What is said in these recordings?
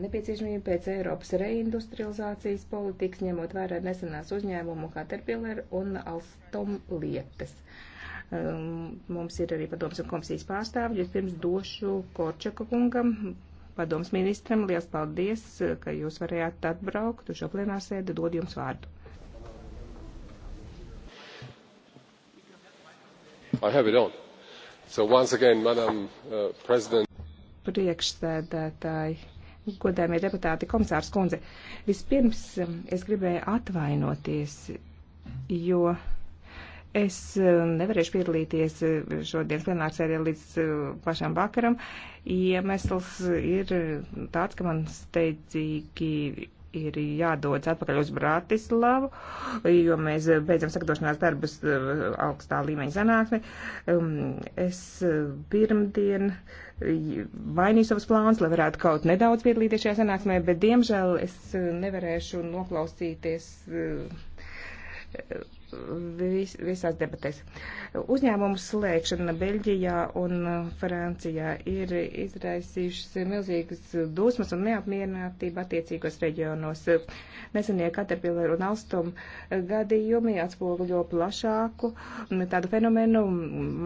nepieciešamību pēc Eiropas reindustrializācijas politikas, ņemot vērā nesenās uzņēmumu Caterpillar un Alstom lietas. Um, mums ir arī padoms un komisijas pārstāvji. Es pirms došu Korčaka kungam, padoms ministram, liels paldies, ka jūs varējāt atbraukt uz šo plenārsēdi, dod jums vārdu. I have it on. So once again, Madam uh, President priekšsēdētāji, godājumie deputāti, komisārs kundze. Vispirms um, es gribēju atvainoties, jo es um, nevarēšu piedalīties uh, šodienas plenārsēdē līdz uh, pašam vakaram. Iemesls ir uh, tāds, ka man steidzīgi ir jādodas atpakaļ uz Bratislavu, jo mēs beidzam sagatavošanās darbus eh, augstā līmeņa sanāksmē. Um, es eh, pirmdien mainīju savus plānus, lai varētu kaut nedaudz piedalīties šajā sanāksmē, bet diemžēl es eh, nevarēšu noklausīties vis, visās debatēs. Uzņēmumu slēgšana Beļģijā un Francijā ir izraisījušas milzīgas dusmas un neapmierinātība attiecīgos reģionos. Nesenie Caterpillar un Alstom gadījumi atspoguļo plašāku tādu fenomenu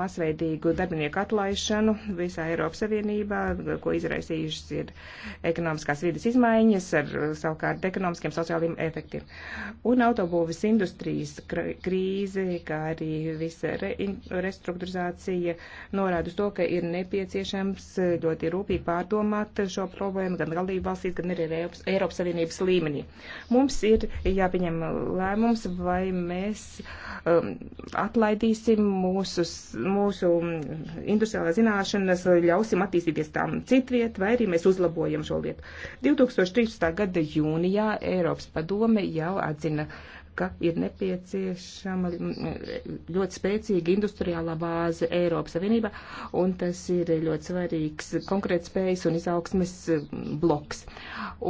masveidīgu darbinieku atlaišanu visā Eiropas Savienībā, ko izraisījušas ir ekonomiskās vidas izmaiņas ar savukārt ekonomiskiem sociāliem efektiem. Un autobūvis industrijas krīze, kā arī visa re, restruktūrizācija norāda uz to, ka ir nepieciešams ļoti rūpīgi pārdomāt šo problēmu gan galību valstīs, gan arī Eiropas, Eiropas Savienības līmenī. Mums ir jāpieņem lēmums, vai mēs um, atlaidīsim mūsu, mūsu um, industriālā zināšanas, ļausim attīstīties tām citviet, vai arī mēs uzlabojam šo lietu. 2013. gada jūnijā Eiropas padome jau atzina ka ir nepieciešama ļoti spēcīga industriālā bāze Eiropas Savienībā, un tas ir ļoti svarīgs konkrēts spējas un izaugsmes mm, bloks.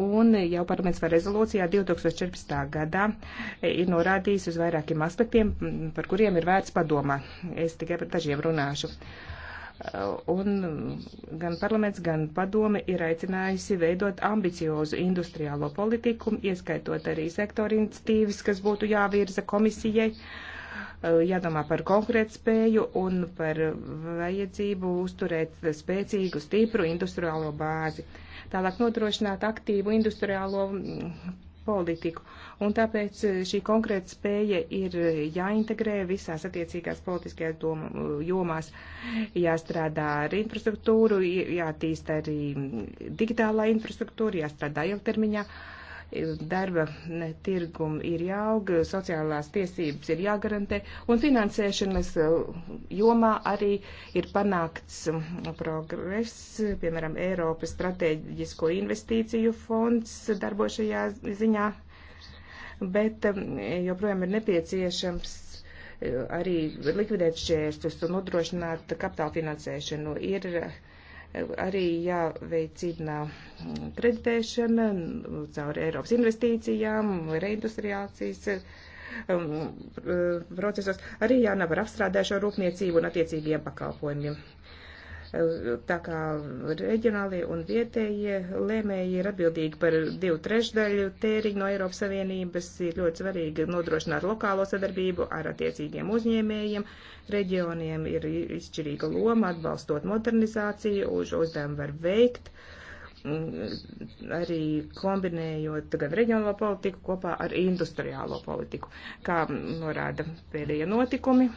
Un jau parlaments vai rezolūcijā 2014. gadā ir norādījis uz vairākiem aspektiem, par kuriem ir vērts padomā. Es tikai par dažiem runāšu. Uh, Un gan parlaments, gan padome ir aicinājusi veidot ambiciozu industriālo politiku, ieskaitot arī sektoru iniciatīvas, kas būtu jāvirza komisijai, jādomā par konkurētspēju un par vajadzību uzturēt spēcīgu, stipru industriālo bāzi. Tālāk nodrošināt aktīvu industriālo politiku. Un tāpēc eh, šī konkrēta spēja ir eh, jāintegrē visās attiecīgās politiskajās doma, eh, jomās, jāstrādā ar infrastruktūru, jātīst arī mm, digitālā infrastruktūra, jāstrādā ilgtermiņā. Uh, darba tirgum ir jāaug, sociālās tiesības ir jāgarantē, un finansēšanas uh, jomā arī ir panākts um, progress, piemēram, Eiropas strateģisko investīciju fonds darbošajā ziņā, bet um, joprojām ir nepieciešams uh, arī likvidēt šķērstus un nodrošināt kapitāla finansēšanu. Ir uh, arī jāveicina mm, kreditēšana mm, caur Eiropas investīcijām, reindustriācijas mm, procesos, arī jānavar apstrādēšo rūpniecību un attiecīgiem pakalpojumiem tā kā reģionālie un vietējie lēmēji ir atbildīgi par divu trešdaļu tēriņu no Eiropas Savienības, ir ļoti svarīgi nodrošināt lokālo sadarbību ar attiecīgiem uzņēmējiem. Reģioniem ir izšķirīga loma atbalstot modernizāciju, uz uzdevumu var veikt arī kombinējot gan reģionālo politiku kopā ar industriālo politiku, kā norāda pēdējie notikumi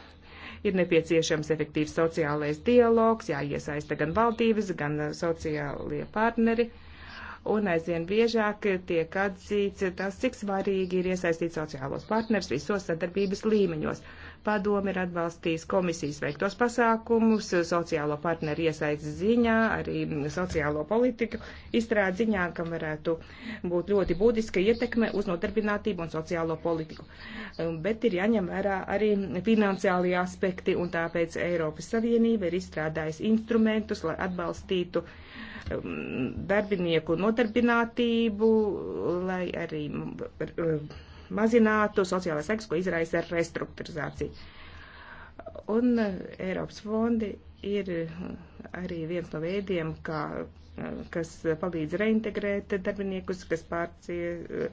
Ir nepieciešams efektīvs sociālais dialogs, jāiesaista gan valdības, gan uh, sociālie partneri. Un aizvien biežāk tiek atzīts tas, cik svarīgi ir iesaistīt sociālos partners visos sadarbības līmeņos. Padomi ir atbalstījis komisijas veiktos pasākumus, sociālo partneru iesaists ziņā, arī sociālo politiku izstrād ziņā, kam varētu būt ļoti būtiska ietekme uz nodarbinātību un sociālo politiku. Um, bet ir jāņem vērā arī finansiālie aspekti, un tāpēc Eiropas Savienība ir izstrādājusi instrumentus, lai atbalstītu um, darbinieku nodarbinātību, lai arī um, mazinātu sociālais seks, ko izraisa restruktūrizācija. Un eh, Eiropas fondi ir eh, arī viens no veidiem, kā, eh, kas palīdz reintegrēt darbiniekus, kas pārcie,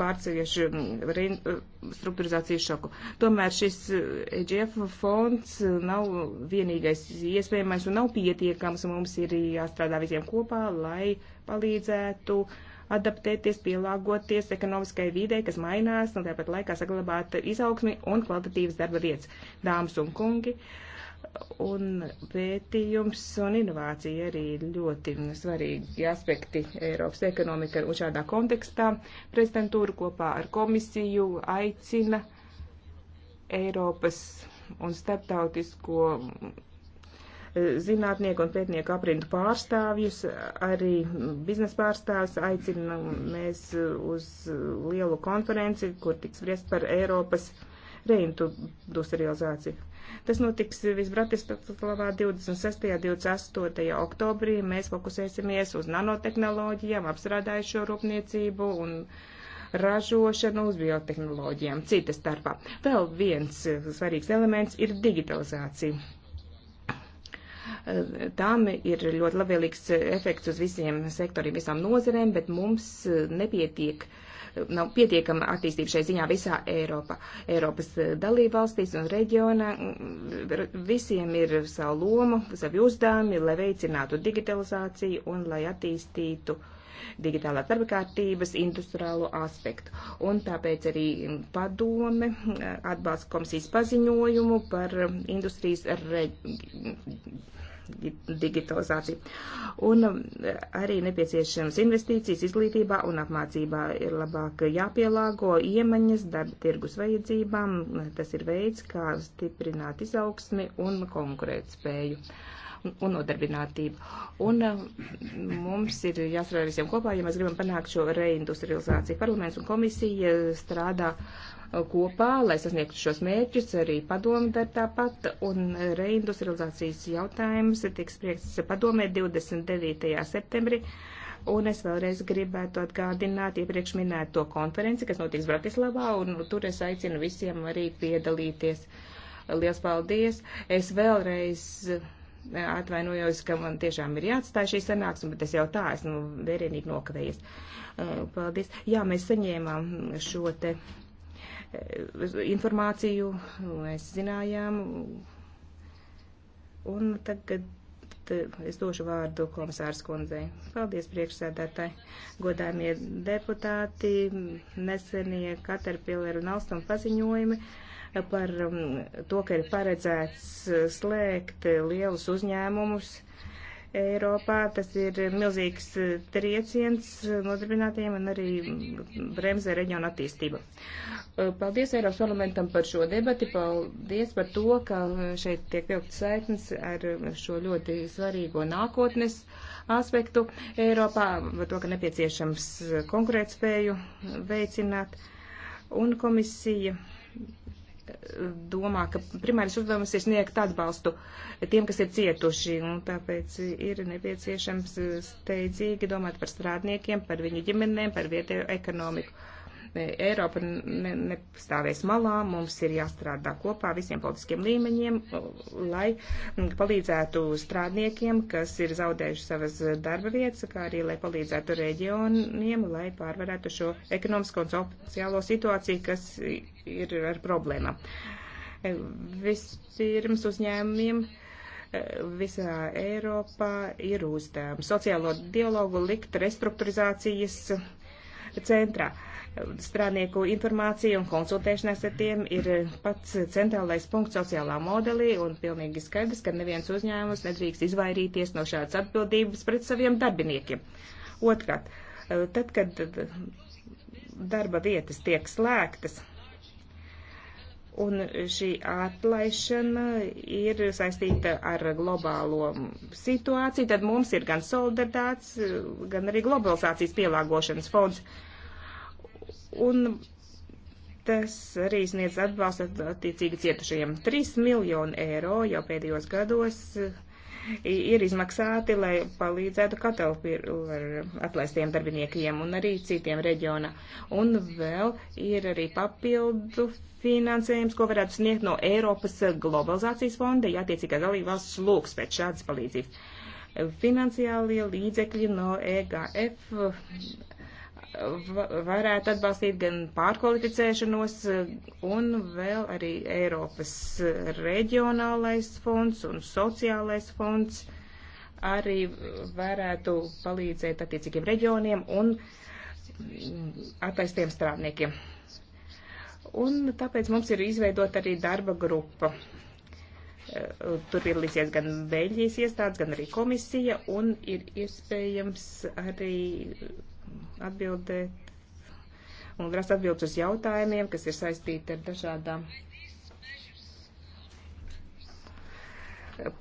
pārcieš mm, struktūrizācijas šoku. Tomēr šis EGF e fonds nav vienīgais iespējamais un nav pietiekams. Mums ir jāstrādā visiem kopā, lai palīdzētu uh, adaptēties, pielāgoties ekonomiskai vidē, kas mainās, un tāpat laikā saglabāt izaugsmi un kvalitatīvas darba vietas. Dāmas un kungi, un pētījums un inovācija arī ļoti svarīgi aspekti Eiropas ekonomika un šādā kontekstā. Prezidentūra kopā ar komisiju aicina Eiropas un starptautisko zinātnieku un pētnieku aprindu pārstāvjus, arī biznesa pārstāvjus aicinām mēs uz lielu konferenci, kur tiks spriest par Eiropas reindustrializāciju. Tas notiks Visbratislavā 26. un 28. oktobrī. Mēs fokusēsimies uz nanotehnoloģijām, apstrādājušo rūpniecību un ražošanu uz biotehnoloģijām, citas starpā. Vēl viens svarīgs elements ir digitalizācija tām ir ļoti labvēlīgs efekts uz visiem sektoriem, visām nozerēm, bet mums nepietiek, nav pietiekama attīstība šai ziņā visā Eiropā. Eiropas dalībvalstīs un reģionā visiem ir savu lomu, savu uzdevumi, lai veicinātu digitalizāciju un lai attīstītu digitālās darba kārtības industriālo aspektu. Un tāpēc arī padome atbalsta komisijas paziņojumu par industrijas reģionu digitalizāciju. Un um, arī nepieciešams investīcijas izglītībā un apmācībā ir labāk jāpielāgo iemaņas darba tirgus vajadzībām. Tas ir veids, kā stiprināt izaugsmi un konkurētspēju. spēju un, un nodarbinātību. Un eh, mums ir jāstrādā visiem kopā, ja mēs gribam panākt šo reindustrializāciju. Parlaments un komisija strādā eh, kopā, lai sasniegtu šos mērķus, arī padomu dar tāpat, un reindustrializācijas jautājums tiks prieksts padomē 29. septembrī. Un es vēlreiz gribētu atgādināt iepriekš minēto konferenci, kas notiks Bratislavā, un tur es aicinu visiem arī piedalīties. Lielas paldies! Es vēlreiz Atvainojos, ka man tiešām ir jāatstāj šī sanāksme, bet es jau tā esmu vērienīgi nokavējies. Paldies. Jā, mēs saņēmām šo te informāciju, mēs zinājām. Un tagad es došu vārdu komisārs kundzei. Paldies priekšsēdētāji, godājumie deputāti, nesenie Caterpillar un Alstom paziņojumi. Uh, par um, to, ka ir paredzēts uh, slēgt uh, lielus uzņēmumus Eiropā. Tas ir milzīgs uh, trieciens nodarbinātiem un arī mm, bremzē reģiona attīstība. Paldies Eiropas parlamentam par šo debati, paldies par to, ka šeit tiek vilkt saiknes ar šo ļoti svarīgo nākotnes aspektu Eiropā, par to, ka nepieciešams konkurētspēju veicināt. Un komisija domā, ka primārais uzdevums ir sniegt atbalstu tiem, kas ir cietuši, un tāpēc ir nepieciešams steidzīgi domāt par strādniekiem, par viņu ģimenēm, par vietējo ekonomiku. Eiropa nepastāvēs malā, mums ir jāstrādā kopā visiem politiskiem līmeņiem, lai palīdzētu strādniekiem, kas ir zaudējuši savas darba vietas, kā arī lai palīdzētu reģioniem, lai pārvarētu šo ekonomisko un sociālo situāciju, kas ir ar problēmām. Vispirms uzņēmumiem eh, visā Eiropā ir uz sociālo dialogu likt restruktūrizācijas centrā. Uh, Strādnieku informācija un konsultēšanās ar tiem ir pats centrālais punkts sociālā modelī un pilnīgi skaidrs, ka neviens uzņēmums nedrīkst izvairīties no šādas atbildības pret saviem darbiniekiem. Otrkārt, tad, kad darba vietas tiek slēgtas, Un šī atlaišana ir saistīta ar globālo situāciju, tad mums ir gan solidaritātes, gan arī globalizācijas pielāgošanas fonds. Uh, un tas arī sniedz atbalstu attiecīgi cietušajiem. 3 miljoni eiro jau pēdējos gados ir izmaksāti, lai palīdzētu katalpir atlaistiem darbiniekiem un arī citiem reģiona. Un vēl ir arī papildu finansējums, ko varētu sniegt no Eiropas globalizācijas fonda, ja attiecīgā dalībvalsts lūgs pēc šādas palīdzības. Finansiālie līdzekļi no EGF varētu atbalstīt gan pārkvalificēšanos, un vēl arī Eiropas reģionālais fonds un sociālais fonds arī varētu palīdzēt attiecīgiem reģioniem un attaistiem strādniekiem. Un tāpēc mums ir izveidot arī darba grupa. Tur piedalīsies gan Beļģijas iestādes, gan arī komisija, un ir iespējams arī atbildēt un rast atbildes uz jautājumiem, kas ir saistīti ar dažādām eh,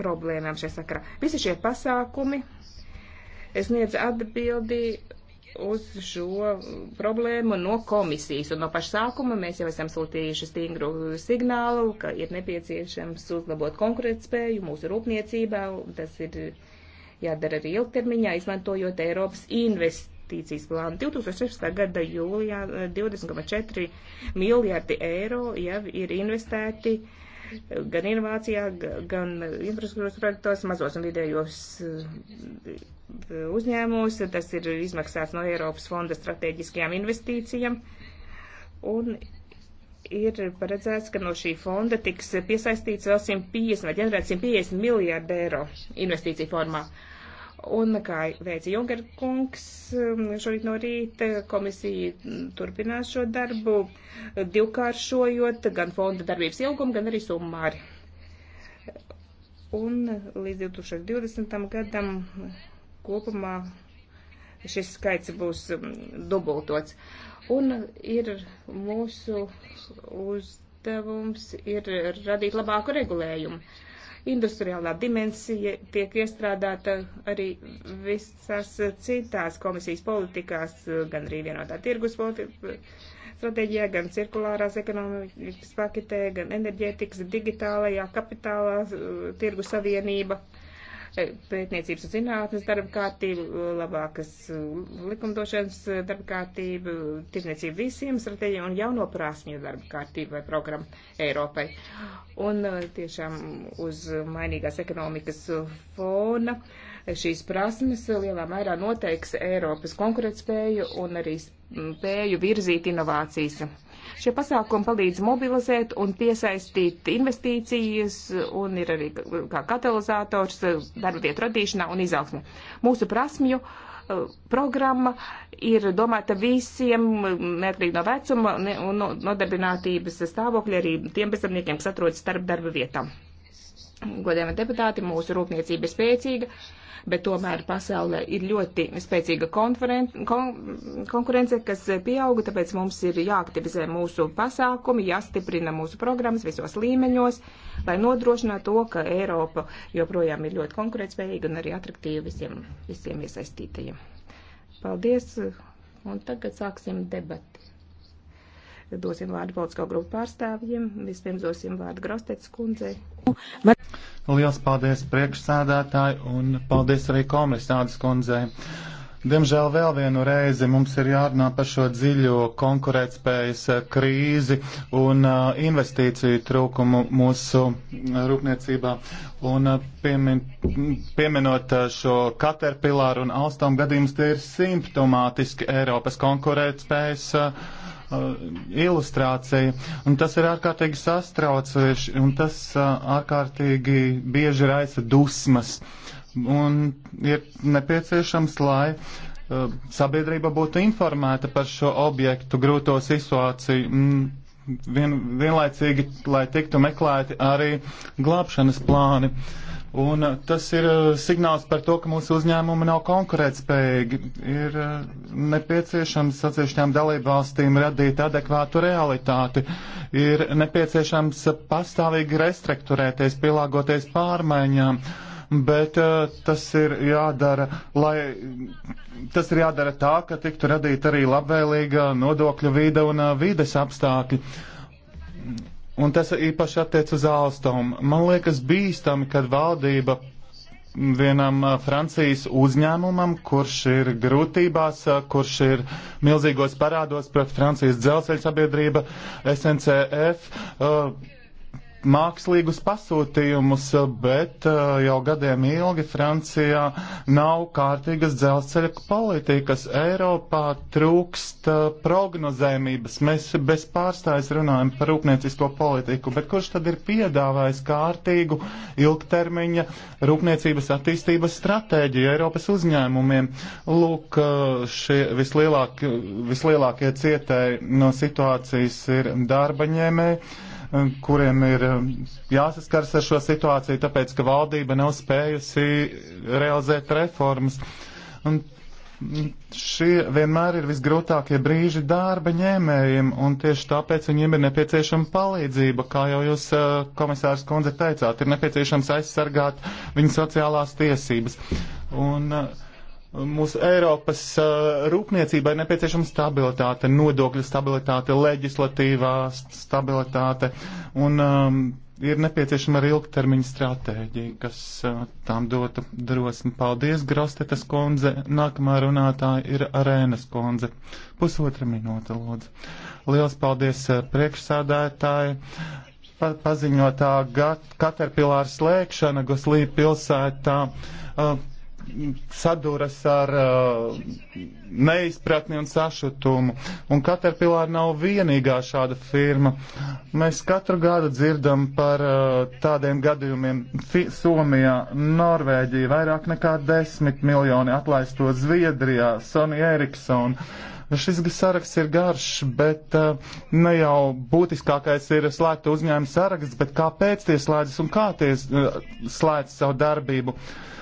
problēmām šajā sakarā. Visi šie pasākumi sniedz atbildi uz šo problēmu no komisijas. Un no paša sākuma mēs jau esam sūtījuši stingru signālu, ka ir nepieciešams uzlabot konkurētspēju mūsu rūpniecībā. Tas ir jādara arī ilgtermiņā, izmantojot Eiropas investīcijas plānu. 2016. gada jūlijā 20,4 eh, miljardi eiro jau ir investēti eh, gan inovācijā, gan infrastruktūras projektos, mazos un vidējos eh, uzņēmumos. Tas ir izmaksāts no Eiropas fonda strateģiskajām investīcijām. Un ir paredzēts, ka no šī fonda tiks piesaistīts vēl 150 vai ģenerēt 150 miljārdu eiro investīciju formā. Uh, Un kā veica Junker kungs um, šorīt no rīta, komisija turpinās šo darbu, divkāršojot gan fonda darbības ilgumu, gan arī summāri. Un līdz 2020. gadam kopumā šis skaits būs um, dubultots. Un ir mūsu uzdevums ir radīt labāku regulējumu. Uh, Industriālā dimensija tiek iestrādāta arī visās citās komisijas politikās, gan arī vienotā tirgus stratēģijā, gan cirkulārās ekonomikas paketē, gan enerģētikas, digitālajā, kapitālā, tirgu savienība pētniecības un zinātnes darba kārtību, labākas uh, likumdošanas uh, darba kārtību, tirniecību visiem stratēģiem un jauno prasmju darba kārtību vai programmu Eiropai. Un uh, tiešām uz mainīgās ekonomikas fona šīs prasmes lielā mērā noteiks Eiropas konkurētspēju un arī spēju virzīt inovācijas. Šie pasākumi palīdz mobilizēt un piesaistīt investīcijas un ir arī kā katalizators eh, darba vietu radīšanā un izaugsmē. Mūsu prasmju eh, programma ir domāta visiem, neatkarīgi no vecuma un nodarbinātības stāvokļa, arī tiem bezdarbniekiem, kas atrodas starp darba vietām godējami deputāti, mūsu rūpniecība ir spēcīga, bet tomēr pasaulē ir ļoti spēcīga kon, konkurence, kas pieauga, tāpēc mums ir jāaktivizē mūsu pasākumi, jāstiprina mūsu programmas visos līmeņos, lai nodrošinātu to, ka Eiropa joprojām ir ļoti konkurētspējīga un arī atraktīva visiem, visiem iesaistītajiem. Paldies, un tagad sāksim debati. Dosim vārdu politisko grupu pārstāvjiem. Vispirms dosim vārdu Grostets kundzei. Liels paldies priekšsādātāji un paldies arī komisādas kundzei. Diemžēl vēl vienu reizi mums ir jārunā par šo dziļo konkurētspējas eh, krīzi un eh, investīciju trūkumu mūsu eh, rūpniecībā. Un piemin, pieminot šo Caterpillar un Alstom gadījumus, tie ir simptomātiski Eiropas konkurētspējas Uh, ilustrācija. Un tas ir ārkārtīgi sastraucoši, un tas uh, ārkārtīgi bieži raisa dusmas. Un ir nepieciešams, lai uh, sabiedrība būtu informēta par šo objektu grūto situāciju. Vien, vienlaicīgi, lai tiktu meklēti arī glābšanas plāni. Uh, Un eh, tas ir eh, signāls par to, ka mūsu uzņēmumi nav konkurētspējīgi. Ir eh, nepieciešams atsevišķām dalībvalstīm radīt adekvātu realitāti. Ir nepieciešams pastāvīgi restruktūrēties, pielāgoties pārmaiņām bet uh, tas ir jādara, lai tas ir jādara tā, ka tiktu radīta arī labvēlīga nodokļu vīda un uh, vīdes apstākļi. Un tas īpaši attiec uz Alstom. Man liekas bīstami, kad valdība vienam Francijas uzņēmumam, kurš ir grūtībās, kurš ir milzīgos parādos pret Francijas dzelzceļa sabiedrība, SNCF, uh, mākslīgus pasūtījumus, bet uh, jau gadiem ilgi Francijā nav kārtīgas dzelzceļa politikas. Eiropā trūkst uh, prognozējumības. Mēs bez pārstājas runājam par rūpniecisko politiku, bet kurš tad ir piedāvājis kārtīgu ilgtermiņa rūpniecības attīstības stratēģiju Eiropas uzņēmumiem? Lūk, uh, šie vislielākie, vislielākie cietēji no situācijas ir darba ņēmēji Um, kuriem ir um, jāsaskars ar šo situāciju, tāpēc, ka valdība nav spējusi realizēt reformas. Un šie vienmēr ir visgrūtākie brīži darba ņēmējiem, un tieši tāpēc viņiem ir nepieciešama palīdzība, kā jau jūs, uh, komisārs Kundze, teicāt, ir nepieciešams aizsargāt viņu sociālās tiesības. Un, uh, Mūsu Eiropas uh, rūpniecībai nepieciešama stabilitāte, nodokļu stabilitāte, leģislatīvā stabilitāte un um, ir nepieciešama arī ilgtermiņa stratēģija, kas uh, tām dotu drosmi. Paldies, Grostetas kundze. Nākamā runātāja ir Arēnas kundze. Pusotra minūte, lūdzu. Liels paldies uh, priekšsādātāji. Pa, paziņotā Katerpilāra slēgšana Goslī pilsētā. Uh, saduras ar uh, neizpratni un sašutumu. Un Caterpillar nav vienīgā šāda firma. Mēs katru gadu dzirdam par uh, tādiem gadījumiem Fi Somijā, Norvēģija, vairāk nekā desmit miljoni atlaisto Zviedrijā, Sony Ericsson. Šis saraksts ir garš, bet uh, ne jau būtiskākais ir slēgta uzņēmuma saraksts, bet kāpēc tie slēdzas un kā tie uh, slēdz savu darbību. Uh,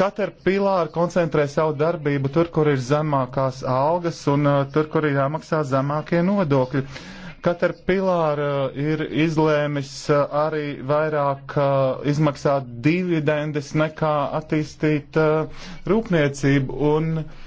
Caterpillar koncentrē savu darbību tur, kur ir zemākās algas un uh, tur, kur ir jāmaksā zemākie nodokļi. Caterpillar uh, ir izlēmis uh, arī vairāk izmaksāt dividendes nekā attīstīt rūpniecību. Un, uh,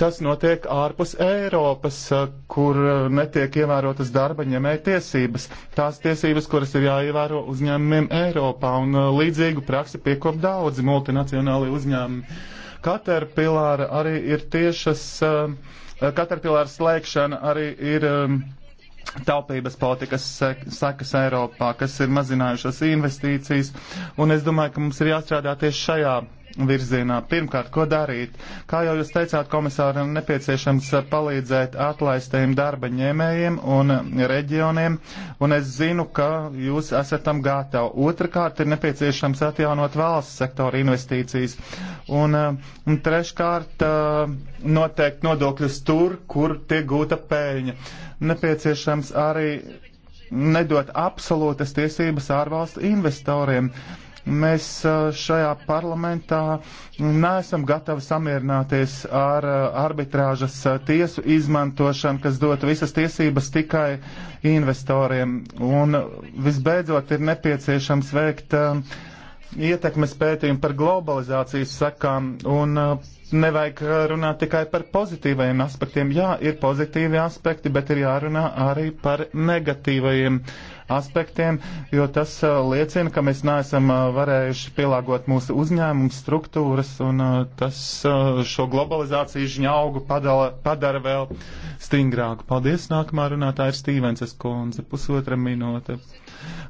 Tas notiek ārpus Eiropas, eh, kur eh, netiek ievērotas darba ņemēja tiesības. Tās tiesības, kuras ir jāievēro uzņēmumiem Eiropā, un eh, līdzīgu praksi piekop daudzi multinacionāli uzņēmumi. Caterpillar arī ir tiešas, Caterpillar slēgšana arī ir taupības politikas sekas Eiropā, kas ir mazinājušas investīcijas, un es domāju, ka mums ir jāstrādā tieši šajā virzienā. Pirmkārt, ko darīt? Kā jau jūs teicāt, komisāram nepieciešams palīdzēt atlaistajiem darba ņēmējiem un reģioniem, un es zinu, ka jūs esat tam gatavi. Otrakārt, ir nepieciešams atjaunot valsts sektora investīcijas. Un, uh, un treškārt, uh, noteikt nodokļus tur, kur tiek gūta pēļņa. Nepieciešams arī nedot absolūtas tiesības ārvalstu investoriem. Uh, Mēs šajā parlamentā neesam gatavi samierināties ar arbitrāžas tiesu izmantošanu, kas dot visas tiesības tikai investoriem. Un visbeidzot ir nepieciešams veikt ietekmes pētījumu par globalizācijas sekām un nevajag runāt tikai par pozitīvajiem aspektiem. Jā, ir pozitīvi aspekti, bet ir jārunā arī par negatīvajiem aspektiem aspektiem, jo tas uh, liecina, ka mēs neesam uh, varējuši pielāgot mūsu uzņēmumu struktūras, un uh, tas šo globalizācijas žņaugu padala, padara vēl stingrāku. Paldies! Nākamā runātāja ir Stīvenses kundze, pusotra minūte.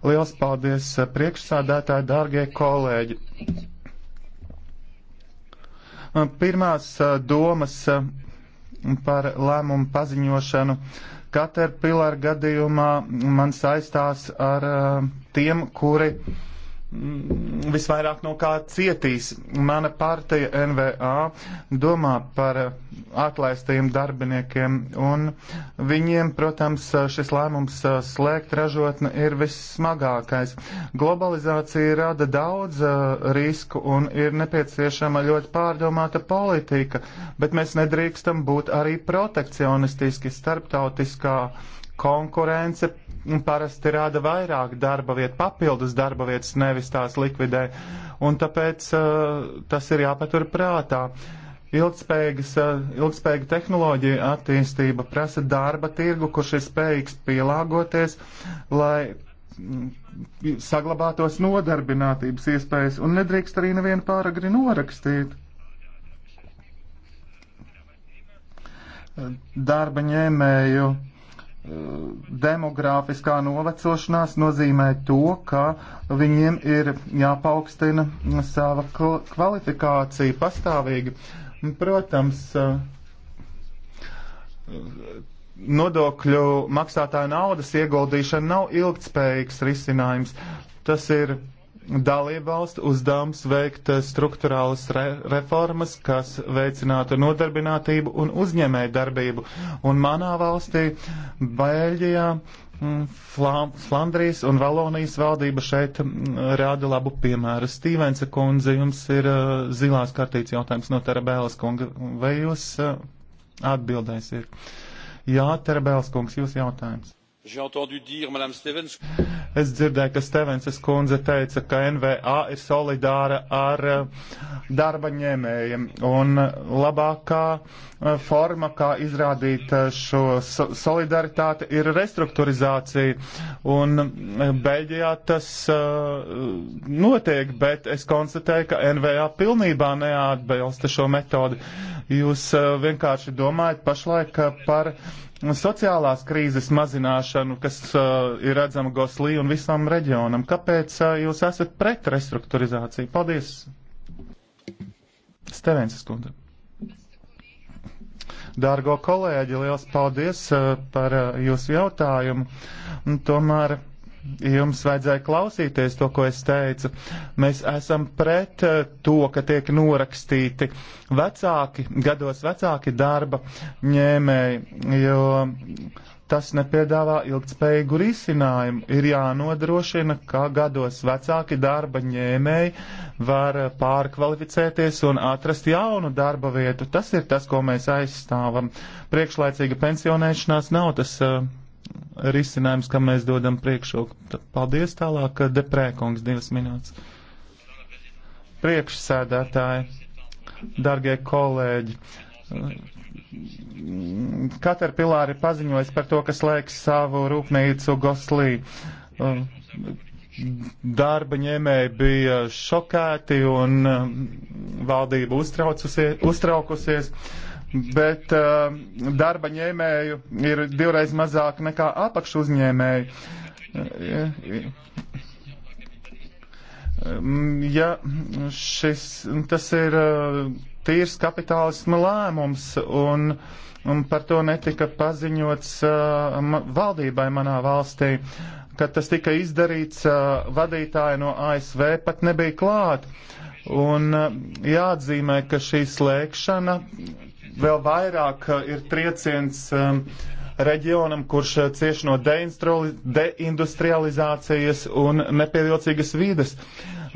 Liels paldies priekšsādātāji, dārgie kolēģi! Pirmās domas par lēmumu paziņošanu uh, Caterpillar gadījumā man saistās ar eh, tiem, kuri Mm, visvairāk no kā cietīs. Mana partija NVA domā par uh, atlaistajiem darbiniekiem, un viņiem, protams, uh, šis lēmums uh, slēgt ražotni ir vissmagākais. Globalizācija rada daudz risku un ir nepieciešama ļoti pārdomāta politika, bet mēs nedrīkstam būt arī protekcionistiski starptautiskā konkurence Nu, parasti rada vairāk darba vietu, papildus darba vietas, nevis tās likvidē. Un tāpēc uh, tas ir jāpatur prātā. Ilgspējīgas, uh, ilgspējīga tehnoloģija attīstība prasa darba tirgu, kurš ir spējīgs pielāgoties, lai mm, saglabātos nodarbinātības iespējas, un nedrīkst arī nevienu pāragri norakstīt. Darba ņēmēju demogrāfiskā novecošanās nozīmē to, ka viņiem ir jāpaukstina sava kvalifikācija pastāvīgi. Protams, nodokļu maksātāja naudas ieguldīšana nav ilgtspējīgs risinājums. Tas ir Dalībvalstu uzdevums veikt eh, struktūrālas re reformas, kas veicinātu nodarbinātību un uzņēmēju darbību. Un manā valstī, Bēļģijā, mm, Fla Flandrijas un Valonijas valdība šeit mm, rāda labu piemēru. Stīvensa kundze, jums ir uh, zilās kartīts jautājums no Terabēlas kunga. Vai jūs uh, atbildēsiet? Jā, Terabēlas kungs, jūs jautājums. Es dzirdēju, ka Stevenses kundze teica, ka NVA ir solidāra ar eh, darba ņēmējiem un eh, labākā forma, kā izrādīt šo solidaritāti, ir restruktūrizācija. Un Beļģijā tas notiek, bet es konstatēju, ka NVA pilnībā neatbilsta šo metodi. Jūs vienkārši domājat pašlaik par sociālās krīzes mazināšanu, kas ir redzama Goslī un visam reģionam. Kāpēc jūs esat pret restruktūrizāciju? Paldies! Stevensas kundze. Dārgo kolēģi, liels paldies uh, par uh, jūsu jautājumu. Tomēr jums vajadzēja klausīties to, ko es teicu. Mēs esam pret uh, to, ka tiek norakstīti vecāki, gados vecāki darba ņēmēji, jo Tas nepiedāvā ilgspējīgu risinājumu. Ir jānodrošina, ka gados vecāki darba ņēmēji var pārkvalificēties un atrast jaunu darba vietu. Tas ir tas, ko mēs aizstāvam. Priekšlaicīga pensionēšanās nav tas uh, risinājums, kam mēs dodam priekšroku. Paldies tālāk, eh, deprēkungs, divas minūtes. Priekšsēdētāji, dargie kolēģi. Uh, Katerpilāri paziņojas par to, ka slēgs savu rūpnīcu Goslī. Darba ņēmēji bija šokēti un um, valdība uztraukusies, bet um, darba ņēmēju ir divreiz mazāk nekā apakšu uzņēmēju. Mm, ja šis, tas ir uh, tīrs kapitālisma lēmums, un, un par to netika paziņots uh, valdībai manā valstī, kad tas tika izdarīts, uh, vadītāji no ASV pat nebija klāt. Un jāatzīmē, ka šī slēgšana vēl vairāk ir trieciens um, reģionam, kurš eh, cieš no deindustrializācijas un nepievilcīgas vides.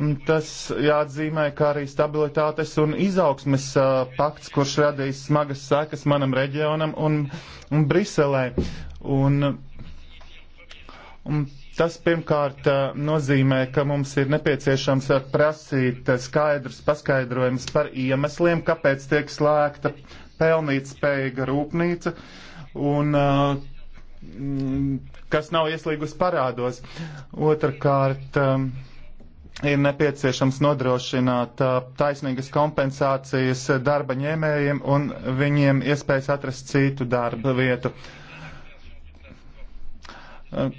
Mm, tas jāatzīmē, kā arī stabilitātes un izaugsmes eh, pakts, kurš radīs smagas sekas manam reģionam un, un Briselē. Un, un Tas pirmkārt eh, nozīmē, ka mums ir nepieciešams prasīt skaidrs paskaidrojums par iemesliem, kāpēc tiek slēgta pelnītspējīga rūpnīca, un uh, kas nav ieslīgus parādos. Otrakārt, um, ir nepieciešams nodrošināt uh, taisnīgas kompensācijas darba ņēmējiem un viņiem iespējas atrast citu darba vietu uh,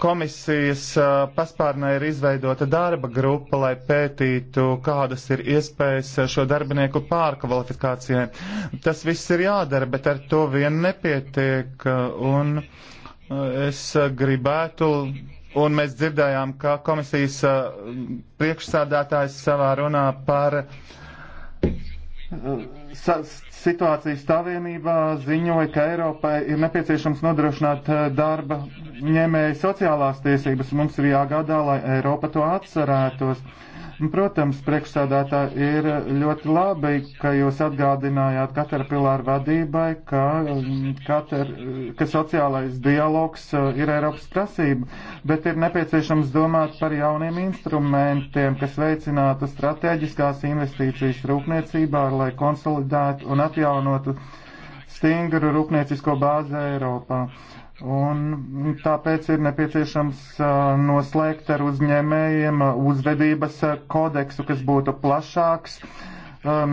komisijas paspārnē ir izveidota darba grupa, lai pētītu, kādas ir iespējas šo darbinieku pārkvalifikācijai. Tas viss ir jādara, bet ar to vien nepietiek. Un es gribētu Un mēs dzirdējām, ka komisijas priekšsādātājs savā runā par situāciju stāvienībā ziņoja, ka Eiropai ir nepieciešams nodrošināt darba ņēmēji sociālās tiesības, mums ir jāgādā, lai Eiropa to atcerētos. Protams, priekšsēdētā ir ļoti labi, ka jūs atgādinājāt katra pilāra vadībai, ka, katra, mm, ka sociālais dialogs uh, ir Eiropas prasība, bet ir nepieciešams domāt par jauniem instrumentiem, kas veicinātu strateģiskās investīcijas rūpniecībā, lai konsolidētu un atjaunotu stingru rūpniecisko bāzi Eiropā. Uh, Un tāpēc ir nepieciešams noslēgt ar uzņēmējiem uzvedības kodeksu, kas būtu plašāks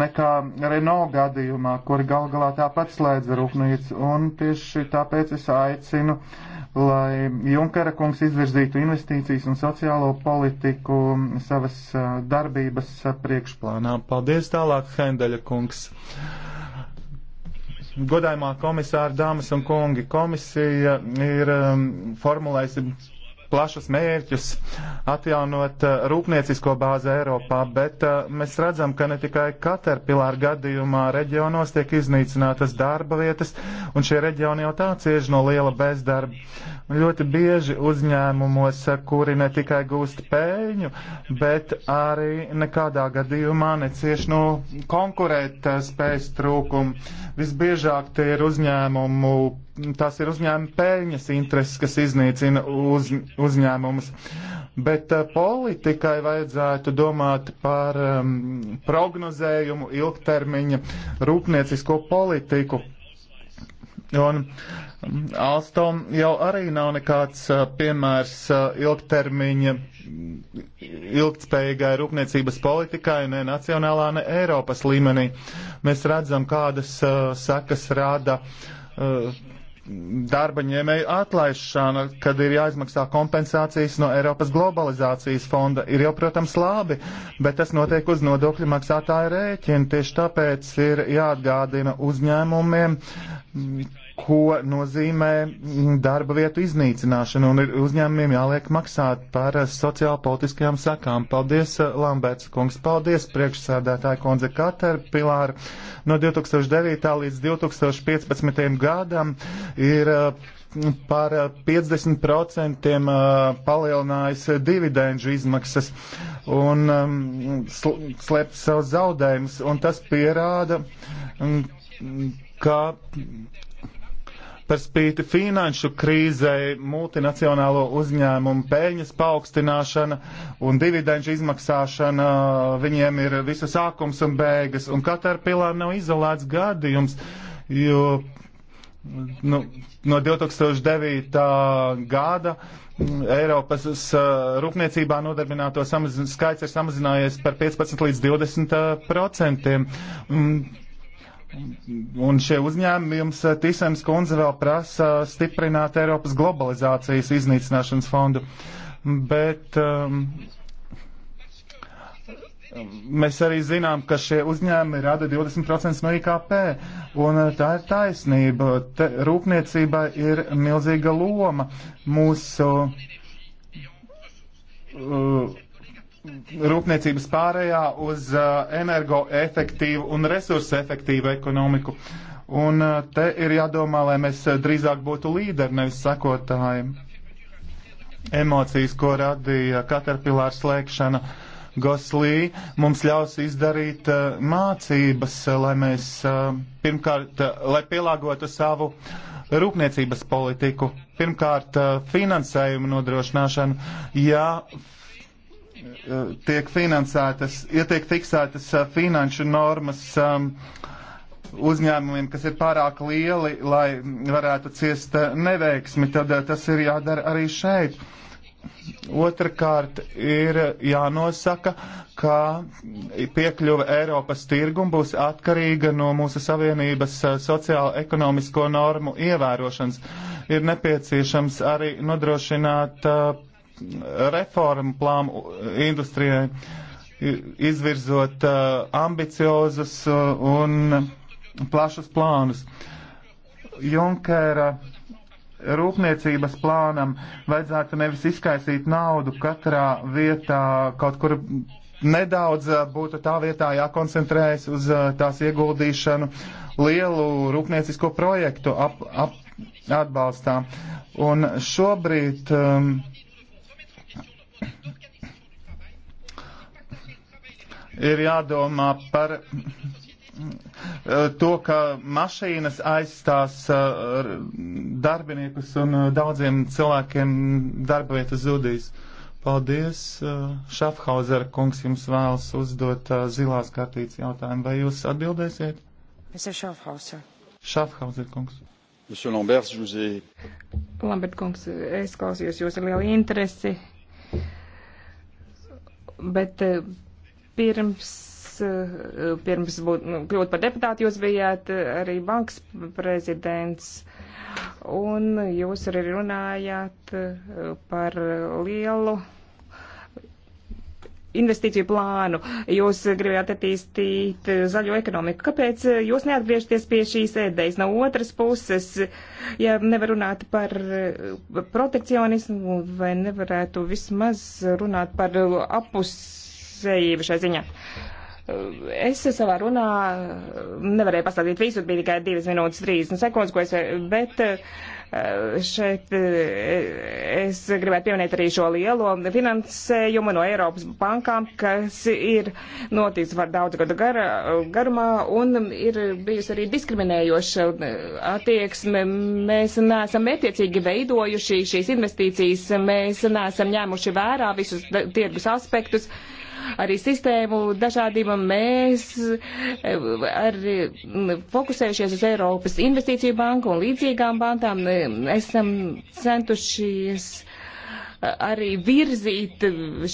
nekā Renault gadījumā, kur gal galā tāpat slēdz rūpnīcu. Un tieši tāpēc es aicinu, lai Junkara kungs izvirzītu investīcijas un sociālo politiku savas darbības priekšplānā. Paldies tālāk, Hendeļa kungs. Uh, Godājumā komisāri, dāmas un kungi, komisija ir um, formulējusi plašus mērķus atjaunot uh, rūpniecisko bāzi Eiropā, bet uh, mēs redzam, ka ne tikai Caterpillar gadījumā reģionos tiek iznīcinātas darba vietas, un šie reģioni jau tā cieši no liela bezdarba. Ļoti bieži uzņēmumos, kuri ne tikai gūst pēļņu, bet arī nekādā gadījumā necieš no konkurēt eh, spējas trūkumu. Visbiežāk tie ir uzņēmumu, tās ir uzņēmuma pēļņas intereses, kas iznīcina uz, uzņēmumus. Bet eh, politikai vajadzētu domāt par um, prognozējumu ilgtermiņa rūpniecisko politiku Un um, Alstom jau arī nav nekāds uh, piemērs uh, ilgtermiņa, ilgtspējīgai rūpniecības politikai ne nacionālā, ne Eiropas līmenī. Mēs redzam, kādas uh, sekas rāda darba ņēmēju atlaišana, kad ir jāizmaksā kompensācijas no Eiropas globalizācijas fonda, ir jau, protams, labi, bet tas notiek uz nodokļu maksātāju rēķinu. Tieši tāpēc ir jāatgādina uzņēmumiem, ko nozīmē mm, darba vietu iznīcināšana un ir uzņēmumiem jāliek maksāt par eh, sociālpolitiskajām sakām. Paldies, eh, Lambērts kungs, paldies, priekšsēdētāja kundze Kater, Pilāra. No 2009. līdz 2015. gadam ir eh, par 50% palielinājis dividendžu izmaksas un mm, slēpt savus zaudējumus, un tas pierāda, mm, ka Par spīti finanšu krīzei, multinacionālo uzņēmumu peļņas paaugstināšana un dividendžu izmaksāšana, viņiem ir visu sākums un beigas, un Katarpilā nav izolēts gadījums, jo nu, no 2009. gada Eiropas uh, rūpniecībā nodarbināto samazin, skaits ir samazinājies par 15 līdz 20 uh, procentiem. Un, mm, Un šie uzņēmumi jums eh, Tīsens kundze vēl prasa stiprināt Eiropas globalizācijas iznīcināšanas fondu. Bet um, mēs arī zinām, ka šie uzņēmumi rada 20% no IKP. Un eh, tā ir taisnība. Te rūpniecībai ir milzīga loma mūsu. Uh, rūpniecības pārējā uz uh, energoefektīvu un resursu efektīvu ekonomiku. Un uh, te ir jādomā, lai mēs uh, drīzāk būtu līderi, nevis sekotāji. Emocijas, ko radīja Caterpillar slēgšana Goslī, mums ļaus izdarīt mācības, lai mēs pirmkārt, lai pielāgotu savu rūpniecības politiku. Pirmkārt, finansējumu nodrošināšanu. Ja tiek finansētas, ja tiek fiksētas uh, finanšu normas um, uzņēmumiem, kas ir pārāk lieli, lai varētu ciest uh, neveiksmi, tad uh, tas ir jādara arī šeit. Otrakārt ir jānosaka, ka piekļuva Eiropas tirgum būs atkarīga no mūsu Savienības sociālo-ekonomisko normu ievērošanas. Ir nepieciešams arī nodrošināt uh, reformu plānu industrijai, izvirzot uh, ambiciozus uh, un plašus plānus. Junkera rūpniecības plānam vajadzētu nevis izkaisīt naudu katrā vietā, kaut kur nedaudz uh, būtu tā vietā jākoncentrējas uz tās ieguldīšanu lielu rūpniecisko projektu ap, ap, atbalstā. Un šobrīd um, ir jādomā par eh, to, ka mašīnas aizstās eh, darbiniekus un eh, daudziem cilvēkiem darba vieta zudīs. Paldies, Šafhauser kungs, jums vēlas uzdot zilās kartītes jautājumu. Vai jūs atbildēsiet? Mr. Šafhauser. Šafhauser kungs. Monsieur Lambert, je vous ai... Lambert kungs, es klausījos jūs ar lielu interesi, bet Pirms, eh, pirms būt, nu, kļūt par deputātu, jūs bijāt eh, arī bankas prezidents, un jūs arī runājāt eh, par lielu investīciju plānu, jūs gribējāt attīstīt zaļo ekonomiku. Kāpēc jūs neatgriežaties pie šīs idejas? No otras puses, ja nevar runāt par protekcionismu, vai nevarētu vismaz runāt par apus vienpusējība šai ziņā. Es savā runā nevarēju pastāstīt visu, bija tikai 2 minūtes 30 sekundes, ko es, bet eh, šeit eh, es gribētu pieminēt arī šo lielo finansējumu no Eiropas bankām, kas ir noticis var daudz gadu gar, garumā un ir bijusi arī diskriminējoša eh, attieksme. Mēs neesam mētiecīgi veidojuši šīs investīcijas, mēs neesam ņēmuši vērā visus tirgus aspektus. Uh, arī sistēmu dažādību. Mēs eh, arī fokusējušies uz Eiropas investīciju banku un līdzīgām bankām esam centušies eh, arī virzīt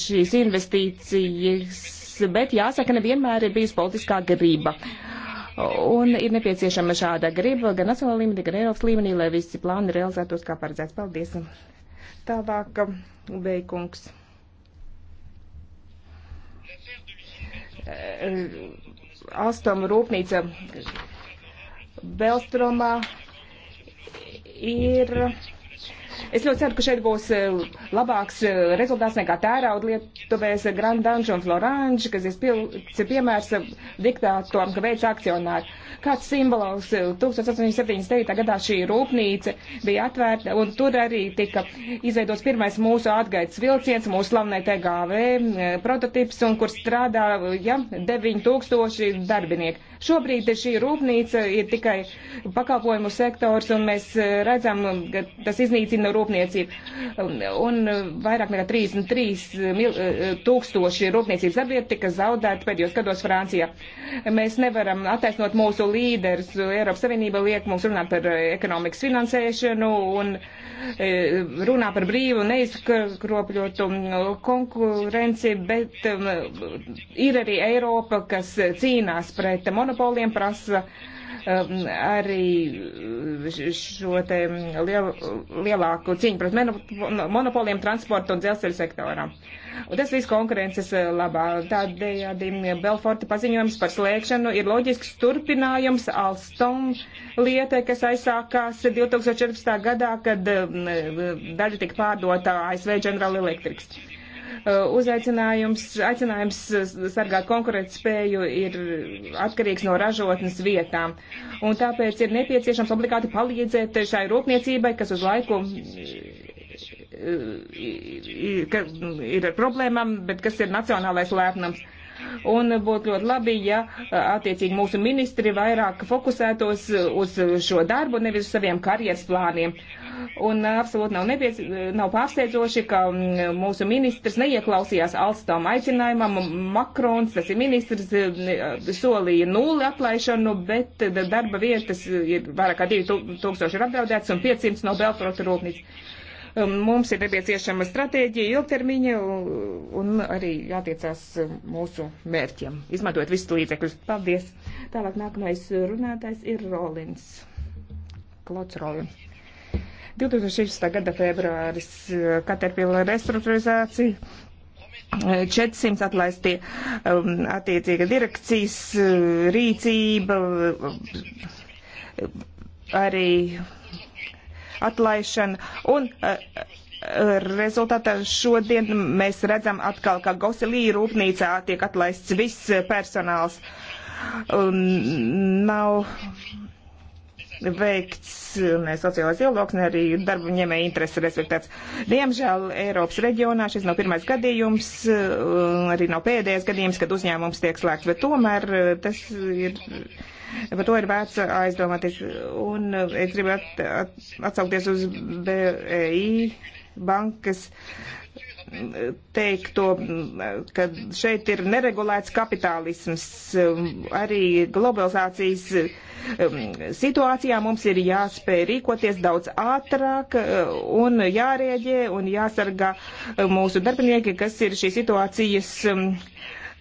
šīs investīcijas, bet jāsaka, nevienmēr ir bijusi politiskā grība. Un ir nepieciešama šāda griba gan nacionāla līmenī, gan Eiropas līmenī, lai visi plāni realizētos kā paredzēts. Paldies! Tālāk, Beikungs. Alstom rūpnīca Belstromā ir Es ļoti ceru, ka šeit būs e, labāks e, rezultāts nekā tērauda Lietuvēs Grand Dungeon Florange, kas ir piemērs diktātoram, ka veids akcionāri. Kāds simbols 1879. E, gadā šī rūpnīca bija atvērta, un tur arī tika izveidots pirmais mūsu atgaitas vilciens, mūsu slavnē TGV prototips, un kur strādā, ja, 9000 darbinieki. Šobrīd šī rūpnīca ir tikai pakalpojumu sektors, un mēs e, redzam, ka tas iznīcina rūpniecību. Un vairāk nekā 33 e, e, tūkstoši rūpniecības darbietu tika zaudēti pēdējos gados Francijā. Mēs nevaram attaisnot mūsu līderus. Eiropas Savienība liek mums runāt par ekonomikas finansēšanu un runā par brīvu, neizkropļotu konkurenci, bet ir arī Eiropa, kas cīnās pret monopolu monopoliem, prasa um, arī šo te liel, lielāku cīņu pret monopoliem transporta un dzelzceļa sektorā. Un tas viss konkurences uh, labā. Tādējādi Belforta paziņojums par slēgšanu ir loģisks turpinājums Alstom lietai, kas aizsākās 2014. gadā, kad um, daļa tika pārdota ASV General Electrics. Uh, uzaicinājums, aicinājums uh, sargāt konkurētspēju ir atkarīgs no ražotnes vietām. Un tāpēc ir nepieciešams obligāti palīdzēt šai rūpniecībai, kas uz laiku mm, ka mm, ir ar problēmām, bet kas ir nacionālais lēpnams. Un būtu ļoti labi, ja uh, attiecīgi mūsu ministri vairāk fokusētos uz šo darbu, nevis uz saviem karjeras plāniem. Un absolūti nav, nepiec, nav pārsteidzoši, ka mm, mūsu ministrs neieklausījās Alstom aicinājumam. Makrons, tas ir ministrs, solīja nulli aplaišanu, bet eh, darba vietas eh, ir vairāk kā 2000 ir apdraudētas un 500 no Belfrota rūpnīcas. Um, mums ir nepieciešama stratēģija ilgtermiņa un arī jātiecās eh, mūsu mērķiem, izmantojot visus līdzekļus. Paldies! Tālāk nākamais runātājs ir Rolins. Klots Rolins. 2016. gada februāris eh, Caterpillar restruktūrizācija. 400 eh, atlaistie um, attiecīga direkcijas eh, rīcība, arī atlaišana. Un rezultātā šodien mēs redzam atkal, ka Gosilī rūpnīcā tiek atlaists viss personāls. Un mm, nav veikts ne sociālais dialogs, ne arī darba ņēmēja interesi respektēts. Diemžēl Eiropas reģionā šis nav pirmais gadījums, arī nav pēdējais gadījums, kad uzņēmums tiek slēgts, bet tomēr eh, tas ir. Par to ir vērts aizdomāties. Un eh, es gribu at, at, atsaukties uz BEI bankas teikto, ka šeit ir neregulēts kapitālisms. Arī globalizācijas um, situācijā mums ir jāspēj rīkoties daudz ātrāk uh, un jārēģē un jāsargā uh, mūsu darbinieki, kas ir šī situācijas um,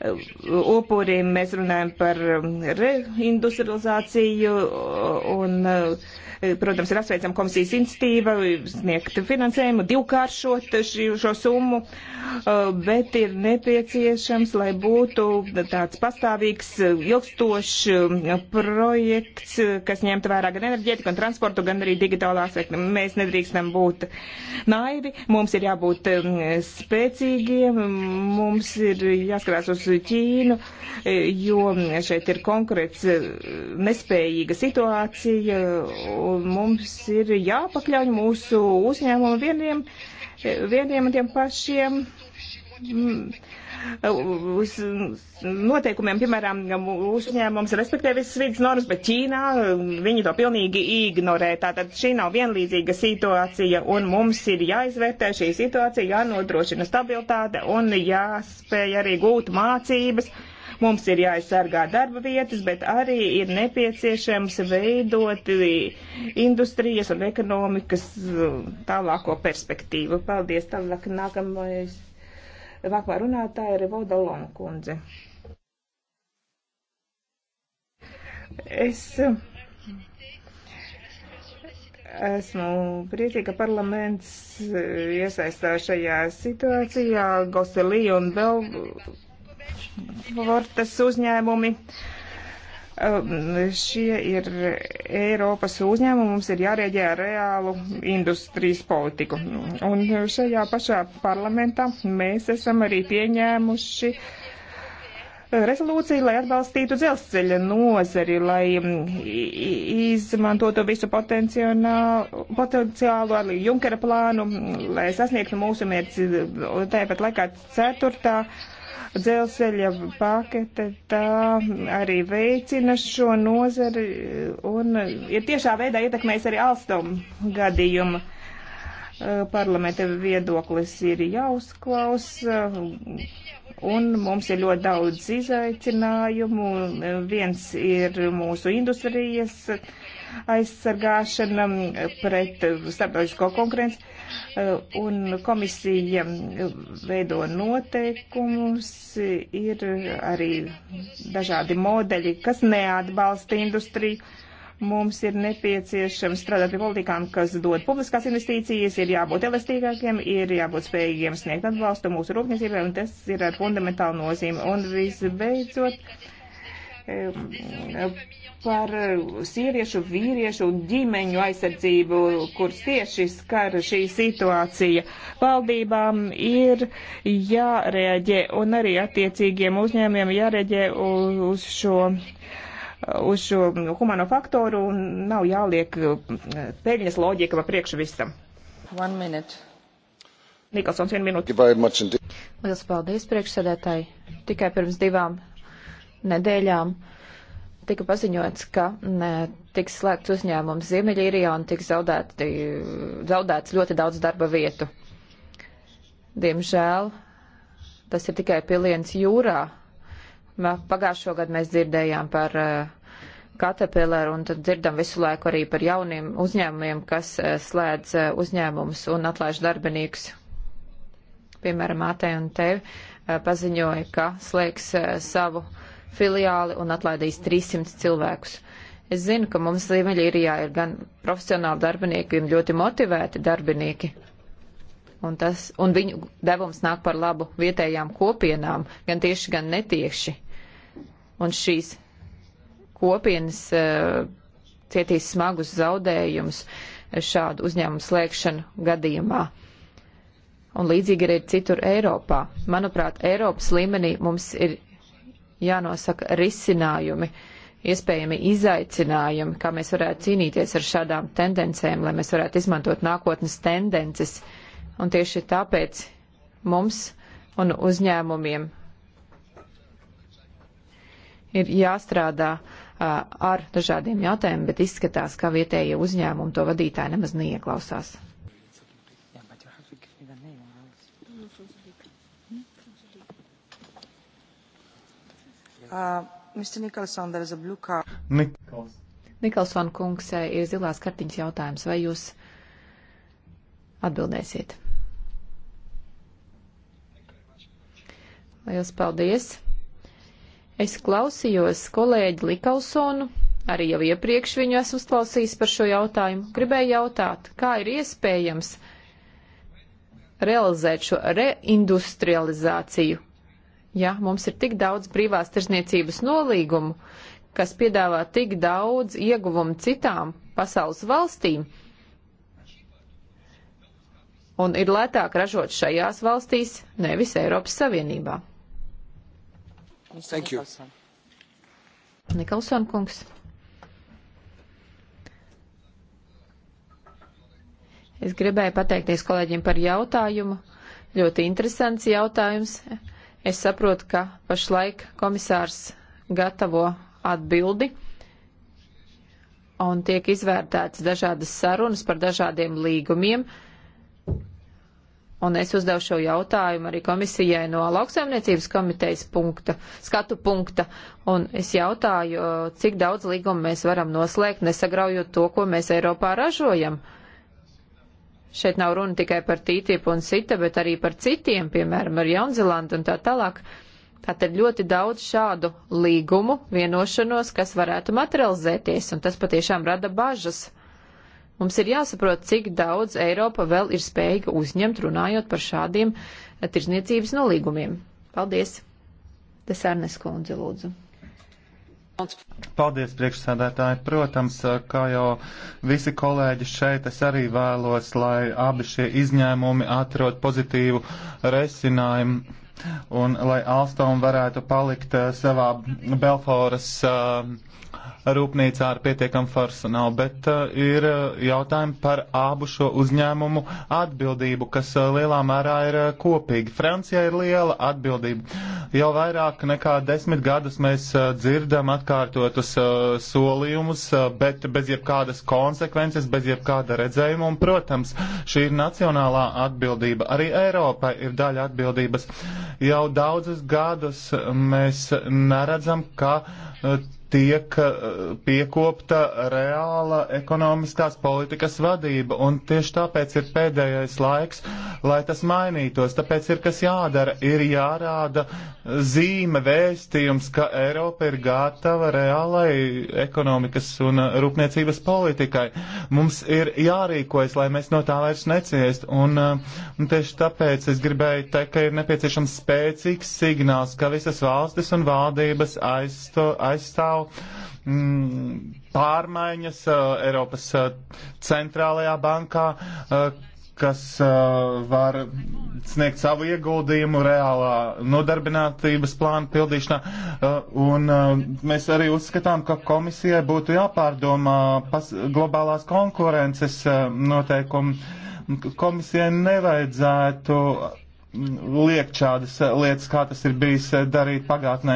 uh, upuriem. Mēs runājam par um, reindustrializāciju un. Uh, Eh, protams, ir apsveicama komisijas institīva sniegt finansējumu, divkāršot šo summu, eh, bet ir nepieciešams, lai būtu tāds pastāvīgs, eh, ilgstošs projekts, kas ņemtu vērā gan enerģētiku, gan transportu, gan arī digitālā aspektu. Mēs nedrīkstam būt naivi, mums ir jābūt spēcīgiem, mums ir jāskatās uz Ķīnu, jo šeit ir konkrēts nespējīga situācija un mums ir jāpakļauj mūsu uzņēmumu vieniem, vieniem un tiem pašiem mm, uz noteikumiem, piemēram, mūsu uzņēmums respektē visas vidas normas, bet Ķīnā viņi to pilnīgi ignorē. Tātad šī nav vienlīdzīga situācija, un mums ir jāizvērtē šī situācija, jānodrošina stabilitāte un jāspēj arī gūt mācības Mums ir jāaizsargā darba vietas, bet arī ir nepieciešams veidot industrijas un ekonomikas uh, tālāko perspektīvu. Paldies! Tālāk nākamais. Nākamā runātāja ir Voda Lona kundze. Es uh, esmu priecīga, ka parlaments uh, iesaistās šajā situācijā. Goselī un vēl eksportas uzņēmumi. Um, šie ir Eiropas uzņēmumi, mums ir jārēģē ar reālu industrijas politiku. Un šajā pašā parlamentā mēs esam arī pieņēmuši rezolūciju, lai atbalstītu dzelzceļa nozari, lai um, izmantotu visu potenciālu, arī Junkera plānu, lai sasniegtu mūsu mērķi. Tāpat laikā ceturtā dzelzceļa pakete, tā arī veicina šo nozari un ir tiešā veidā ietekmējis arī Alstom gadījumu. Eh, parlamenta viedoklis ir jāuzklausa eh, un mums ir ļoti daudz izaicinājumu. Viens ir mūsu industrijas aizsargāšana pret starptautisko konkurenci. Eh, un komisija veido noteikumus, ir arī dažādi modeļi, kas neatbalsta industriju. Mums ir nepieciešams strādāt pie politikām, kas dod publiskās investīcijas, ir jābūt elastīgākiem, ir jābūt spējīgiem sniegt atbalstu mūsu rūpniecībai, un tas ir ar fundamentālu nozīmi. Un visbeidzot, par sieviešu, vīriešu un ģimeņu aizsardzību, kuras tieši skar šī situācija. Valdībām ir jārēģē un arī attiecīgiem uzņēmiem jārēģē uz šo uz šo humano faktoru un nav jāliek peļņas loģika pa priekšu visam. One minute. Nikolsons, vienu minūti. Lielas paldies priekšsēdētāji. Tikai pirms divām nedēļām tika paziņots, ka ne, mm, tiks slēgts uzņēmums Ziemeļīrijā un tiks zaudēti, zaudēts ļoti daudz darba vietu. Diemžēl tas ir tikai piliens jūrā. Pagājušo gadu mēs dzirdējām par eh, Caterpillar un tad dzirdam visu laiku arī par jauniem uzņēmumiem, kas eh, slēdz eh, uzņēmumus un atlaiž darbiniekus. Piemēram, AT un tevi paziņoja, ka slēgs savu uh, filiāli un atlaidīs 300 cilvēkus. Es zinu, ka mums Ziemeļīrijā ir gan profesionāli darbinieki, gan ļoti motivēti darbinieki. Un, tas, un viņu devums nāk par labu vietējām kopienām, gan tieši, gan netieši. Un šīs kopienas uh, cietīs smagus zaudējumus eh, šādu uzņēmumu slēgšanu gadījumā. Un līdzīgi arī ir citur Eiropā. Manuprāt, Eiropas līmenī mums ir jānosaka risinājumi, iespējami izaicinājumi, kā mēs varētu cīnīties ar šādām tendencēm, lai mēs varētu izmantot nākotnes tendences. Un tieši tāpēc mums un uzņēmumiem ir jāstrādā ar dažādiem jautājumiem, bet izskatās, ka vietējie uzņēmumi to vadītāji nemaz neieklausās. Uh, Mr. Nicholson, there is a blue card. Nikals. Nikolson kungs eh, ir zilās kartiņas jautājums. Vai jūs atbildēsiet? Lielas paldies! Es klausījos kolēģi Likalsonu, arī jau iepriekš viņu esmu klausījis par šo jautājumu. Gribēju jautāt, kā ir iespējams realizēt šo reindustrializāciju, ja mums ir tik daudz brīvās tirzniecības nolīgumu, kas piedāvā tik daudz ieguvumu citām pasaules valstīm, un ir lētāk ražot šajās valstīs, nevis Eiropas Savienībā. Thank you. Nikolson kungs. Es gribēju pateikties kolēģiem par jautājumu. Ļoti interesants jautājums. Es saprotu, ka pašlaik komisārs gatavo atbildi un tiek izvērtētas dažādas sarunas par dažādiem līgumiem. Un es uzdevu šo jautājumu arī komisijai no lauksaimniecības komitejas punkta, skatu punkta. Un es jautāju, cik daudz līgumu mēs varam noslēgt, nesagraujot to, ko mēs Eiropā ražojam. Uh, Šeit nav runa tikai par TTIP un cita, bet arī par citiem, piemēram, ar Jaunzelandu un tā tālāk. Tātad ļoti daudz šādu līgumu, vienošanos, kas varētu materializēties, un tas patiešām rada bažas. Mums ir jāsaprot, cik daudz Eiropa vēl ir spējīga uzņemt, runājot par šādiem tirzniecības nolīgumiem. Paldies! Tas Arnes kundze lūdzu. Paldies, priekšsēdētāji. Protams, kā jau visi kolēģi šeit, es arī vēlos, lai abi šie izņēmumi atrod pozitīvu resinājumu un lai Alstom varētu palikt eh, savā Belforas uh, rūpnīcā ar pietiekamu personālu, bet uh, ir uh, jautājumi par abu šo uzņēmumu atbildību, kas uh, lielā mērā ir uh, kopīga. Francijai ir liela atbildība. Jau vairāk nekā desmit gadus mēs uh, dzirdam atkārtotus uh, solījumus, uh, bet bez jebkādas konsekvences, bez jebkāda redzējuma. Un, protams, šī ir nacionālā atbildība. Arī Eiropai ir daļa atbildības. Jau daudzus gadus mēs neredzam, ka uh, tiek eh, piekopta reāla ekonomiskās politikas vadība, un tieši tāpēc ir pēdējais laiks, lai tas mainītos. Tāpēc ir kas jādara, ir jārāda eh, zīme, vēstījums, ka Eiropa ir gatava reālai ekonomikas un eh, rūpniecības politikai. Mums ir jārīkojas, lai mēs no tā vairs neciest, un, un tieši tāpēc es gribēju teikt, ka ir nepieciešams spēcīgs signāls, ka visas valstis un valdības aizstāv pastāv mm, pārmaiņas eh, Eiropas eh, centrālajā bankā, eh, kas var sniegt savu ieguldījumu reālā nodarbinātības plāna pildīšanā. Un mēs arī uzskatām, ka komisijai būtu jāpārdomā globālās konkurences noteikumi. Komisijai nevajadzētu liek šādas eh, lietas, kā tas ir bijis eh, darīt pagātnē.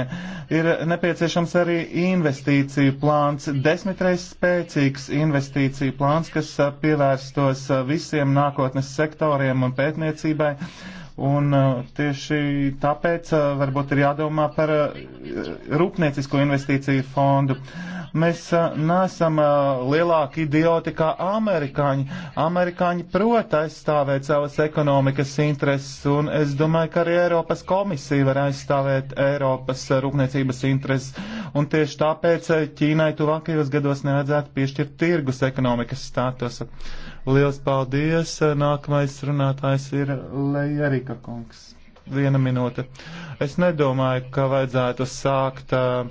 Ir nepieciešams arī investīciju plāns, desmitreiz spēcīgs investīciju plāns, kas eh, pievērstos visiem nākotnes sektoriem un pētniecībai. Un tieši tāpēc varbūt ir jādomā par rūpniecisko investīciju fondu. Uh, Mēs nesam lielāki idioti kā amerikāņi. Amerikāņi prot aizstāvēt savas ekonomikas intereses, un es domāju, ka arī Eiropas komisija var aizstāvēt Eiropas rūpniecības intereses. Un tieši tāpēc Ķīnai tuvākajos gados nevajadzētu piešķirt tirgus ekonomikas statusu. Liels paldies! Nākamais runātājs ir Lejerika kungs viena minūte. Es nedomāju, ka vajadzētu sākt uh,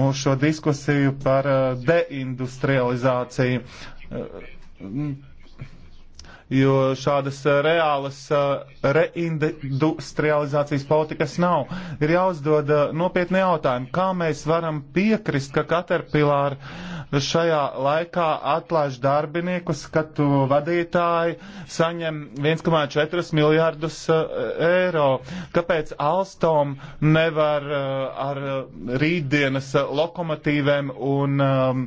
mūsu šo diskusiju par uh, deindustrializāciju. Uh, jo šādas eh, reālas eh, reindustrializācijas politikas nav. Ir jāuzdod eh, nopietni jautājumi, kā mēs varam piekrist, ka Caterpillar šajā laikā atlaiž darbiniekus, ka tu vadītāji saņem 1,4 miljārdus eiro. Kāpēc Alstom nevar ar rītdienas lokomotīvēm un um,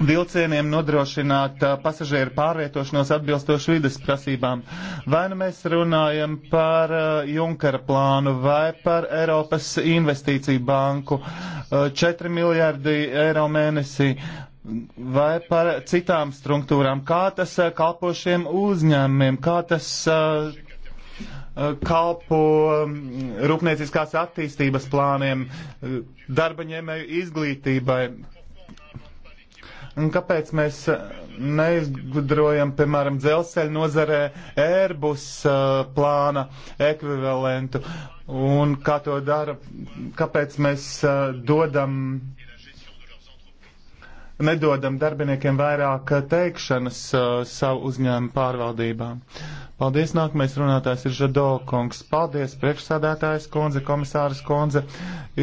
vilcieniem nodrošināt uh, pasažieru pārvietošanos atbilstoši vides prasībām. Vai nu mēs runājam par uh, Junkara plānu vai par Eiropas investīciju banku uh, 4 miljardi eiro mēnesī vai par citām struktūrām, kā tas kalpo šiem uzņēmumiem, kā tas kalpo rūpnieciskās attīstības plāniem, darba ņēmēju izglītībai, Un kāpēc mēs eh, neizgudrojam, piemēram, dzelzceļa nozarē Airbus uh, plāna ekvivalentu? Un kā to dara, kāpēc mēs uh, dodam, nedodam darbiniekiem vairāk teikšanas uh, savu uzņēmumu pārvaldībām? Uh, Paldies, nākamais runātājs ir Žado kungs. Paldies, priekšsādātājs kundze, komisāras kundze.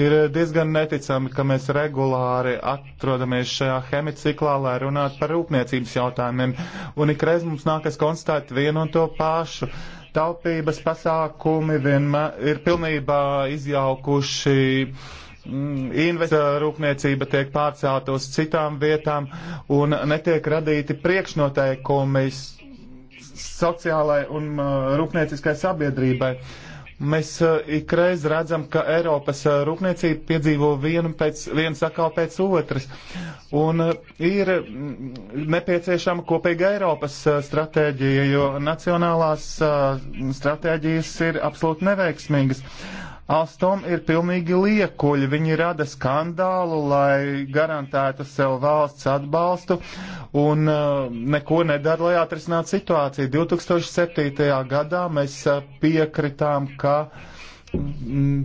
Ir diezgan neticami, ka mēs regulāri atrodamies šajā hemiciklā, lai runātu par rūpniecības jautājumiem, un ikreiz mums nākas konstatēt vienu un to pašu. Taupības pasākumi vienmēr ir pilnībā izjaukuši mm, investīcija rūpniecība tiek pārcelta uz citām vietām un netiek radīti priekšnoteikumi sociālai un uh, rūpnieciskai sabiedrībai. Mēs uh, ikreiz redzam, ka Eiropas uh, rūpniecība piedzīvo vienu, pēc, vienu sakau pēc otras. Un ir mm, nepieciešama kopīga Eiropas stratēģija, jo nacionālās stratēģijas ir absolūti neveiksmīgas. Alstom ir pilnīgi liekuļi. Viņi rada skandālu, lai garantētu sev valsts atbalstu un uh, neko nedara, lai atrisinātu situāciju. 2007. gadā mēs uh, piekritām, ka. Mm,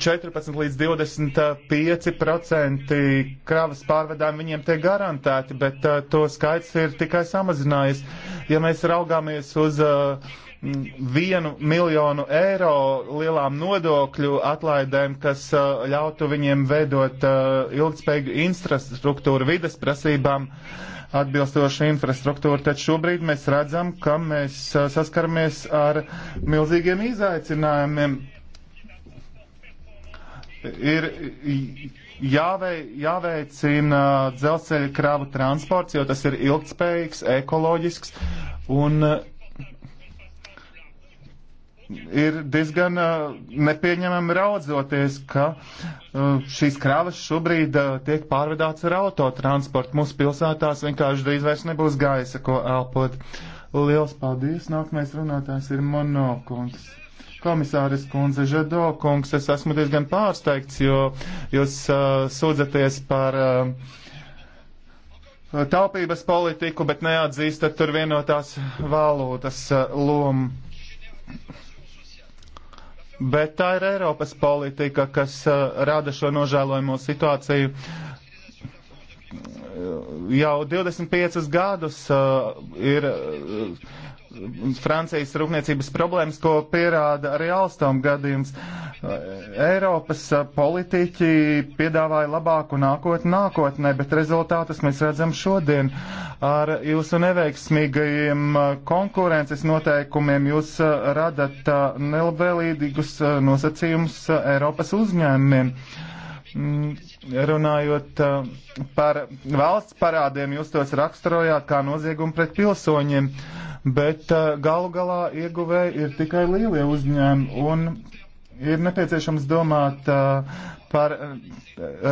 14 līdz 25 procenti kravas pārvedām viņiem tiek garantēti, bet uh, to skaits ir tikai samazinājies. Ja mēs raugāmies uz uh, vienu miljonu eiro lielām nodokļu atlaidēm, kas uh, ļautu viņiem veidot uh, ilgspējīgu infrastruktūru vides prasībām atbilstošu infrastruktūru, taču šobrīd mēs redzam, ka mēs uh, saskaramies ar milzīgiem izaicinājumiem. Ir jāvei, jāveicina dzelzceļa kravu transports, jo tas ir ilgspējīgs, ekoloģisks un uh, ir diezgan nepieņemami raudzoties, ka šīs krāvas šobrīd tiek pārvedāts ar autotransportu. Mūsu pilsētās vienkārši drīz vairs nebūs gaisa, ko elpot. Liels paldies! Nākamais runātājs ir Monokungs. Komisāris kundze Žado kungs, es esmu diezgan pārsteigts, jo jūs uh, sūdzaties par uh, taupības politiku, bet neatzīstat tur vienotās valūtas uh, lomu. Bet tā ir Eiropas politika, kas uh, rada šo nožēlojamo situāciju. Jau 25 gadus uh, ir. Uh, Francijas rūpniecības problēmas, ko pierāda arī Alstom gadījums. Eiropas politiķi piedāvāja labāku nākotni nākotnē, bet rezultātus mēs redzam šodien. Ar jūsu neveiksmīgajiem konkurences noteikumiem jūs radat nelabvēlīgus nosacījumus Eiropas uzņēmumiem. Mm, runājot par valsts parādiem, jūs tos raksturojāt kā noziegumu pret pilsoņiem. Uh, bet uh, galu galā ieguvēji ir tikai lielie uzņēmumi un ir nepieciešams domāt uh, par uh,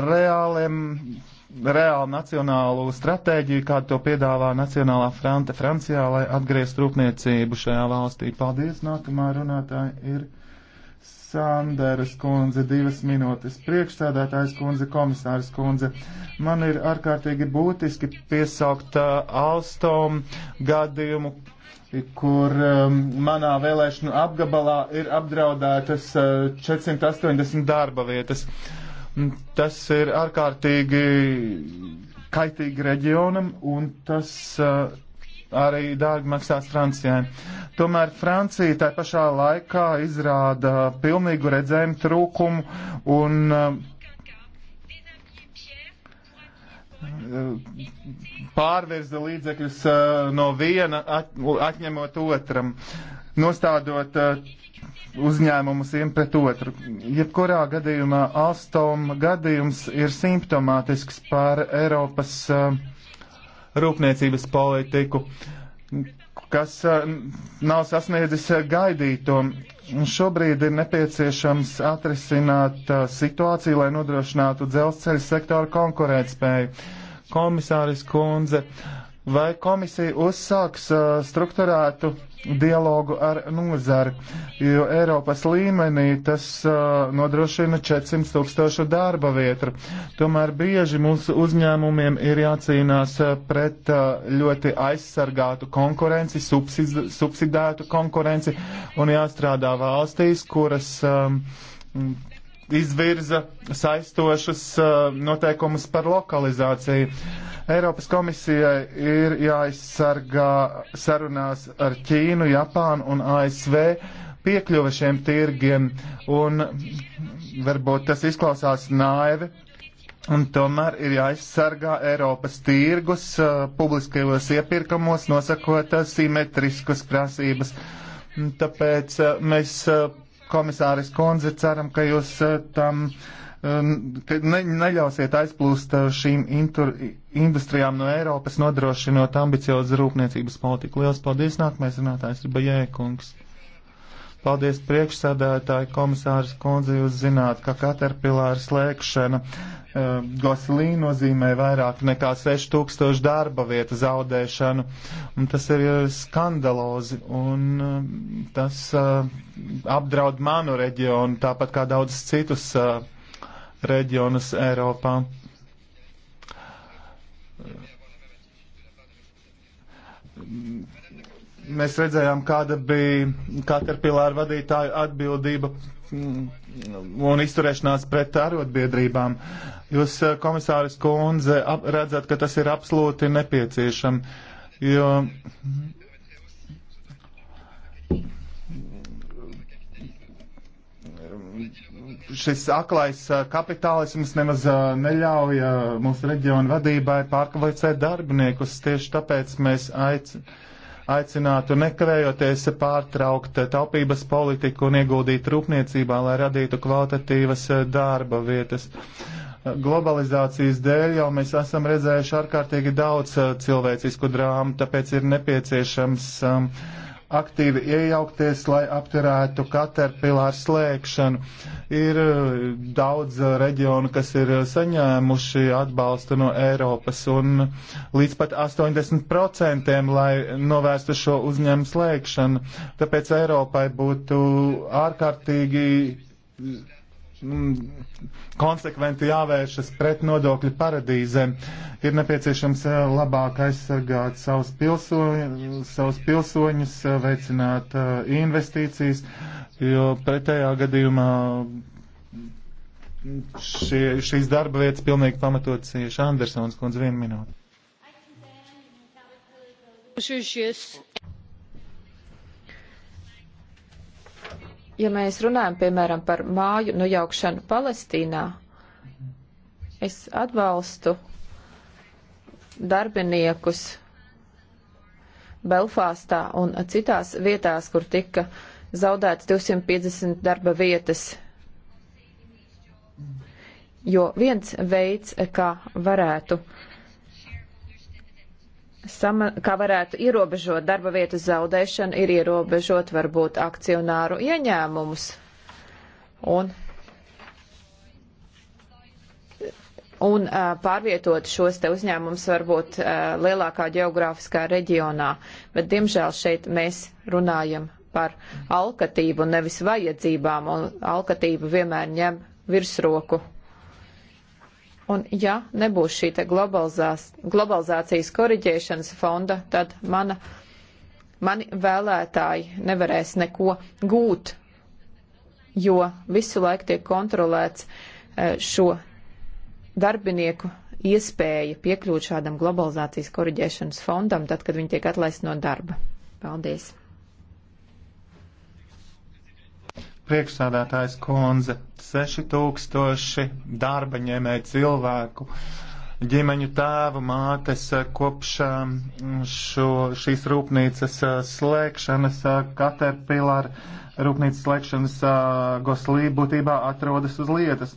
reāliem, reālu nacionālu stratēģiju, kādu to piedāvā Nacionālā fronte Francijā, lai atgriezt rūpniecību šajā valstī. Paldies, nākamā runātāja ir. Sanderas kundze, divas minūtes, priekšsēdētājs kundze, komisārs kundze. Man ir ārkārtīgi būtiski piesaukt uh, Alstom gadījumu kur um, manā vēlēšanu apgabalā ir apdraudētas uh, 480 darba vietas. Tas ir ārkārtīgi kaitīgi reģionam un tas uh, arī dārgi maksās Francijai. Tomēr Francija tai pašā laikā izrāda pilnīgu redzējumu trūkumu un uh, pārvirza līdzekļus uh, no viena, atņemot otram, nostādot uh, uzņēmumus vien pret otru. Jebkurā gadījumā Alstom gadījums ir simptomātisks par Eiropas uh, rūpniecības politiku, kas nav sasniedzis gaidīto. Un šobrīd ir nepieciešams atrisināt situāciju, lai nodrošinātu dzelzceļa sektoru konkurētspēju komisāris kundze, vai komisija uzsāks uh, strukturētu dialogu ar nozari, jo Eiropas līmenī tas uh, nodrošina 400 tūkstošu darba vietu. Tomēr bieži mūsu uzņēmumiem ir jācīnās uh, pret uh, ļoti aizsargātu konkurenci, subsiz, subsidētu konkurenci un jāstrādā valstīs, kuras um, izvirza saistošus uh, noteikumus par lokalizāciju. Eiropas komisijai ir jāizsargā sarunās ar Ķīnu, Japānu un ASV piekļuva šiem tirgiem, un varbūt tas izklausās naivi, un tomēr ir jāizsargā Eiropas tirgus uh, publiskajos iepirkumos, nosakot uh, simetriskas prasības. Tāpēc mēs komisāris Konze, ceram, ka jūs eh, tam eh, ka ne, neļausiet aizplūst eh, šīm intur, industrijām no Eiropas, nodrošinot ambiciozu rūpniecības politiku. Lielas paldies! Nākamais runātājs ir Bajēkungs. Paldies priekšsēdētāji, komisāris Konze, jūs zināt, ka Caterpillar slēgšana Goslī nozīmē vairāk nekā 6000 darba vietu zaudēšanu, un tas ir skandalozi, un tas apdraud manu reģionu, tāpat kā daudzus citus reģionus Eiropā mēs redzējām, kāda bija Caterpillar vadītāja atbildība mm, un izturēšanās pret arotbiedrībām. Jūs, eh, komisāris Kunze, redzat, ka tas ir absolūti nepieciešams, jo mm, šis aklais eh, kapitālisms nemaz eh, neļauj mūsu reģionu vadībai pārkvalificēt darbiniekus. Tieši tāpēc mēs aicinām aicinātu nekavējoties pārtraukt taupības politiku un ieguldīt rūpniecībā, lai radītu kvalitatīvas eh, darba vietas. Globalizācijas dēļ jau mēs esam redzējuši ārkārtīgi daudz eh, cilvēcisku drāmu, tāpēc ir nepieciešams um, aktīvi iejaukties, lai apturētu katerpilāru slēgšanu. Ir eh, daudz eh, reģionu, kas ir eh, saņēmuši atbalstu no Eiropas un līdz pat 80%, lai novērstu šo uzņēmumu slēgšanu. Tāpēc Eiropai būtu ārkārtīgi Mm, konsekventi jāvēršas pret nodokļu paradīzēm. Ir nepieciešams eh, labāk aizsargāt savus, pilsoņu, savus pilsoņus, eh, veicināt eh, investīcijas, jo pretējā gadījumā šie, šīs darba vietas pilnīgi pamatot cieši Andersons kundze vienu minūtu. Ja mēs runājam, piemēram, par māju nojaukšanu Palestīnā, es atbalstu darbiniekus Belfāstā un citās vietās, kur tika zaudēts 250 darba vietas. Jo viens veids, kā varētu uh, sama, kā varētu ierobežot darba vietas zaudēšanu, ir ierobežot varbūt akcionāru ieņēmumus. Un un uh, pārvietot šos te uzņēmumus varbūt uh, lielākā geogrāfiskā reģionā. Bet, diemžēl, šeit mēs runājam par alkatību, nevis vajadzībām, un alkatība vienmēr ņem virsroku. Un ja nebūs šī globalizācijas koriģēšanas fonda, tad mana, mani vēlētāji nevarēs neko gūt, jo visu laiku tiek kontrolēts e, šo darbinieku iespēja piekļūt šādam globalizācijas koriģēšanas fondam, tad, kad viņi tiek atlaisti no darba. Paldies! priekšsādātājs Konze, 6000 darba ņēmēju cilvēku, ģimeņu tēvu, mātes kopš um, šo, šīs rūpnīcas uh, slēgšanas, uh, Caterpillar rūpnīcas slēgšanas uh, goslī būtībā atrodas uz lietas.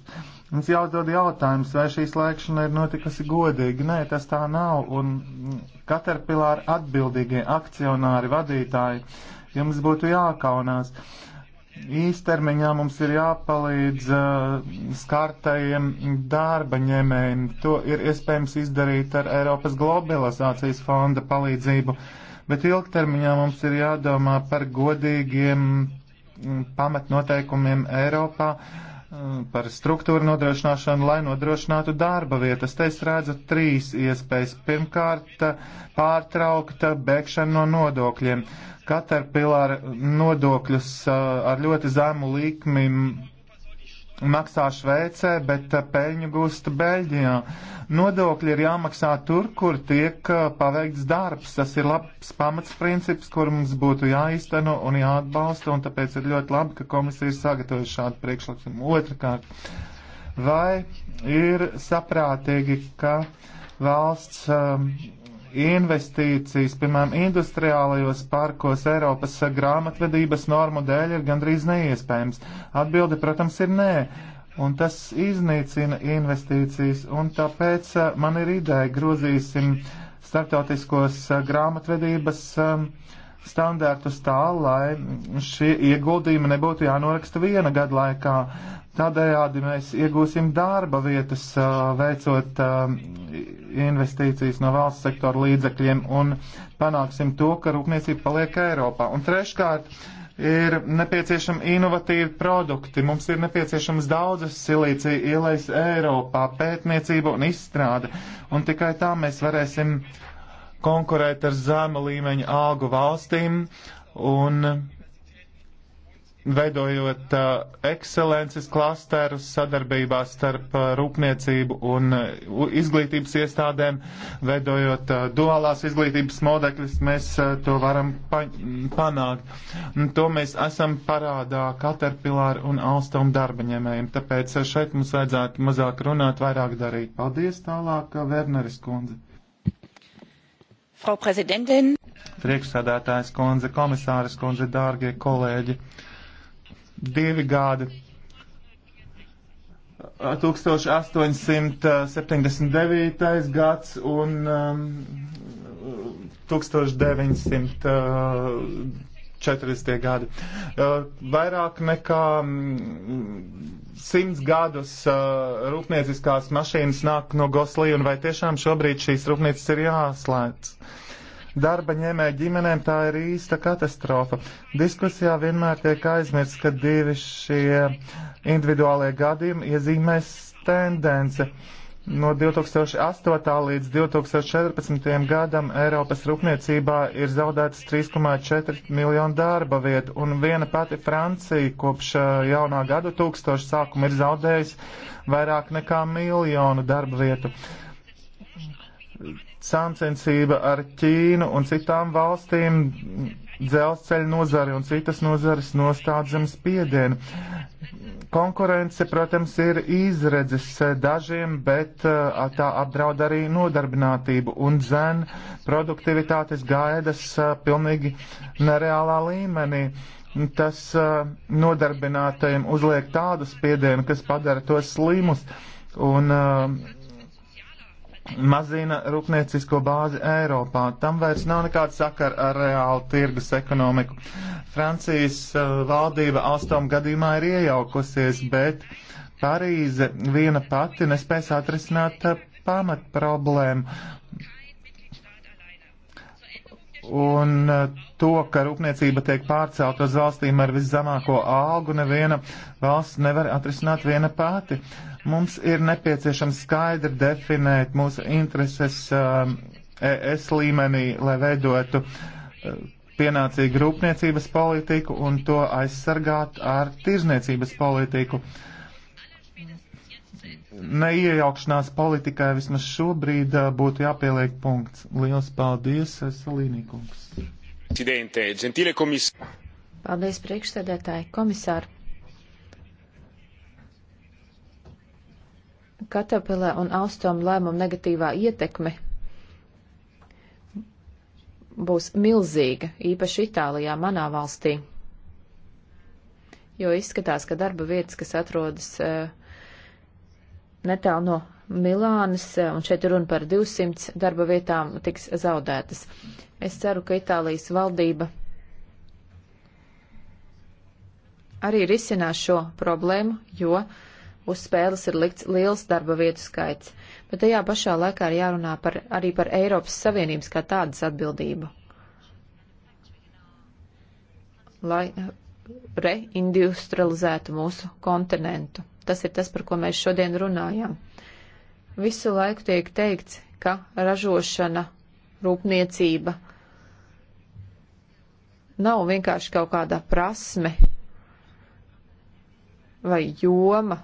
Mums jāuzdod jautājums, vai šī slēgšana ir notikusi godīgi. Nē, tas tā nav. Un Caterpillar atbildīgie akcionāri, vadītāji, jums būtu jākaunās. Uh, īstermiņā mums ir jāpalīdz uh, skartajiem darba ņēmējiem. To ir iespējams izdarīt ar Eiropas globalizācijas fonda palīdzību, bet ilgtermiņā mums ir jādomā par godīgiem mm, pamatnoteikumiem Eiropā, uh, par struktūru nodrošināšanu, lai nodrošinātu darba vietas. Te es redzu trīs iespējas. Pirmkārt, eh, pārtraukta bēgšana no nodokļiem Caterpillar nodokļus ar ļoti zemu likmi maksā Šveicē, bet peļņu gūsta Beļģijā. Nodokļi ir jāmaksā tur, kur tiek paveikts darbs. Tas ir labs pamats princips, kur mums būtu jāizteno un jāatbalsta, un tāpēc ir ļoti labi, ka komisija ir sagatavojusi šādu priekšlikumu. Otrakārt, vai ir saprātīgi, ka valsts um, investīcijas, piemēram, industriālajos parkos Eiropas grāmatvedības normu dēļ ir gandrīz neiespējams? Atbilde, protams, ir nē. Un tas iznīcina investīcijas, un tāpēc eh, man ir ideja grozīsim starptautiskos eh, grāmatvedības eh, standārtus tā, lai šie ieguldījumi nebūtu jānoraksta viena gada laikā, Tādējādi mēs iegūsim darba vietas, veicot investīcijas no valsts sektora līdzekļiem un panāksim to, ka rūpniecība paliek Eiropā. Un treškārt, ir nepieciešami inovatīvi produkti, mums ir nepieciešams daudzas silīcija ielais Eiropā, pētniecība un izstrāde, un tikai tā mēs varēsim konkurēt ar zema līmeņa algu valstīm un veidojot uh, ekscelences klasterus sadarbībā starp uh, rūpniecību un uh, izglītības iestādēm, veidojot duālās izglītības modekļus, mēs to varam pa panākt. Un to mēs esam parādā Caterpillar un Alstom darbaņēmējiem, tāpēc šeit mums vajadzētu mazāk runāt, vairāk darīt. Paldies tālāk, Werneris kundze. Frau Präsidentin! Priekšsādātājs kundze, komisāris kundze, dārgie kolēģi! divi gadi. 1879. gads un um, 1940. Uh, gadi. Uh, vairāk nekā um, simts gadus uh, rūpnieciskās mašīnas nāk no Goslī, un vai tiešām šobrīd šīs rūpnieces ir jāslēdz? Uh, darba ņēmēju ģimenēm tā ir īsta katastrofa. Diskusijā vienmēr tiek aizmirsts, ka divi šie individuālie gadījumi iezīmēs tendence. No 2008. līdz 2014. gadam Eiropas rūpniecībā ir zaudētas 3,4 miljonu darba vietu, un viena pati Francija kopš jaunā gada tūkstoša sākuma ir zaudējusi vairāk nekā miljonu darba vietu sāncensība ar Ķīnu un citām valstīm dzelzceļa nozari un citas nozares nostādzam spiedienu. Konkurence, protams, ir izredzes dažiem, bet uh, tā apdraud arī nodarbinātību un dzen produktivitātes gaidas uh, pilnīgi nereālā līmenī. Tas uh, nodarbinātajiem uzliek tādu spiedienu, kas padara tos slimus. Un uh, mazina rūpniecisko bāzi Eiropā. Tam vairs nav nekāda sakara ar reālu tirgus ekonomiku. Francijas uh, valdība Alstom gadījumā ir iejaukusies, bet Parīze viena pati nespēs atrisināt uh, eh, pamat problēmu. Un uh, to, ka rūpniecība tiek pārcelt uz valstīm ar viszemāko algu, neviena valsts nevar atrisināt viena pati. Uh, Mums ir nepieciešams skaidri definēt mūsu intereses um, e- ES līmenī, lai veidotu uh, pienācīgu rūpniecības politiku un to aizsargāt ar tirzniecības politiku. Neiejaukšanās politikai vismaz šobrīd uh, būtu jāpieliek punkts. Liels paldies, uh, Salīnīkungs. Paldies, priekšsēdētāji, komisāri. Katapilē un Alstom lēmumu negatīvā ietekme būs milzīga, īpaši Itālijā, manā valstī. Jo izskatās, ka darba vietas, kas atrodas eh, netālu no Milānas, eh, un šeit runa par 200 darba vietām, tiks zaudētas. Es ceru, ka Itālijas valdība arī risinās šo problēmu, jo uh, uz spēles ir likts liels darba vietu skaits, bet tajā pašā laikā ir jārunā par, arī par Eiropas Savienības kā tādas atbildību. Lai reindustrializētu mūsu kontinentu. Tas ir tas, par ko mēs šodien runājam. Visu laiku tiek teikts, ka ražošana, rūpniecība nav vienkārši kaut kāda prasme vai joma,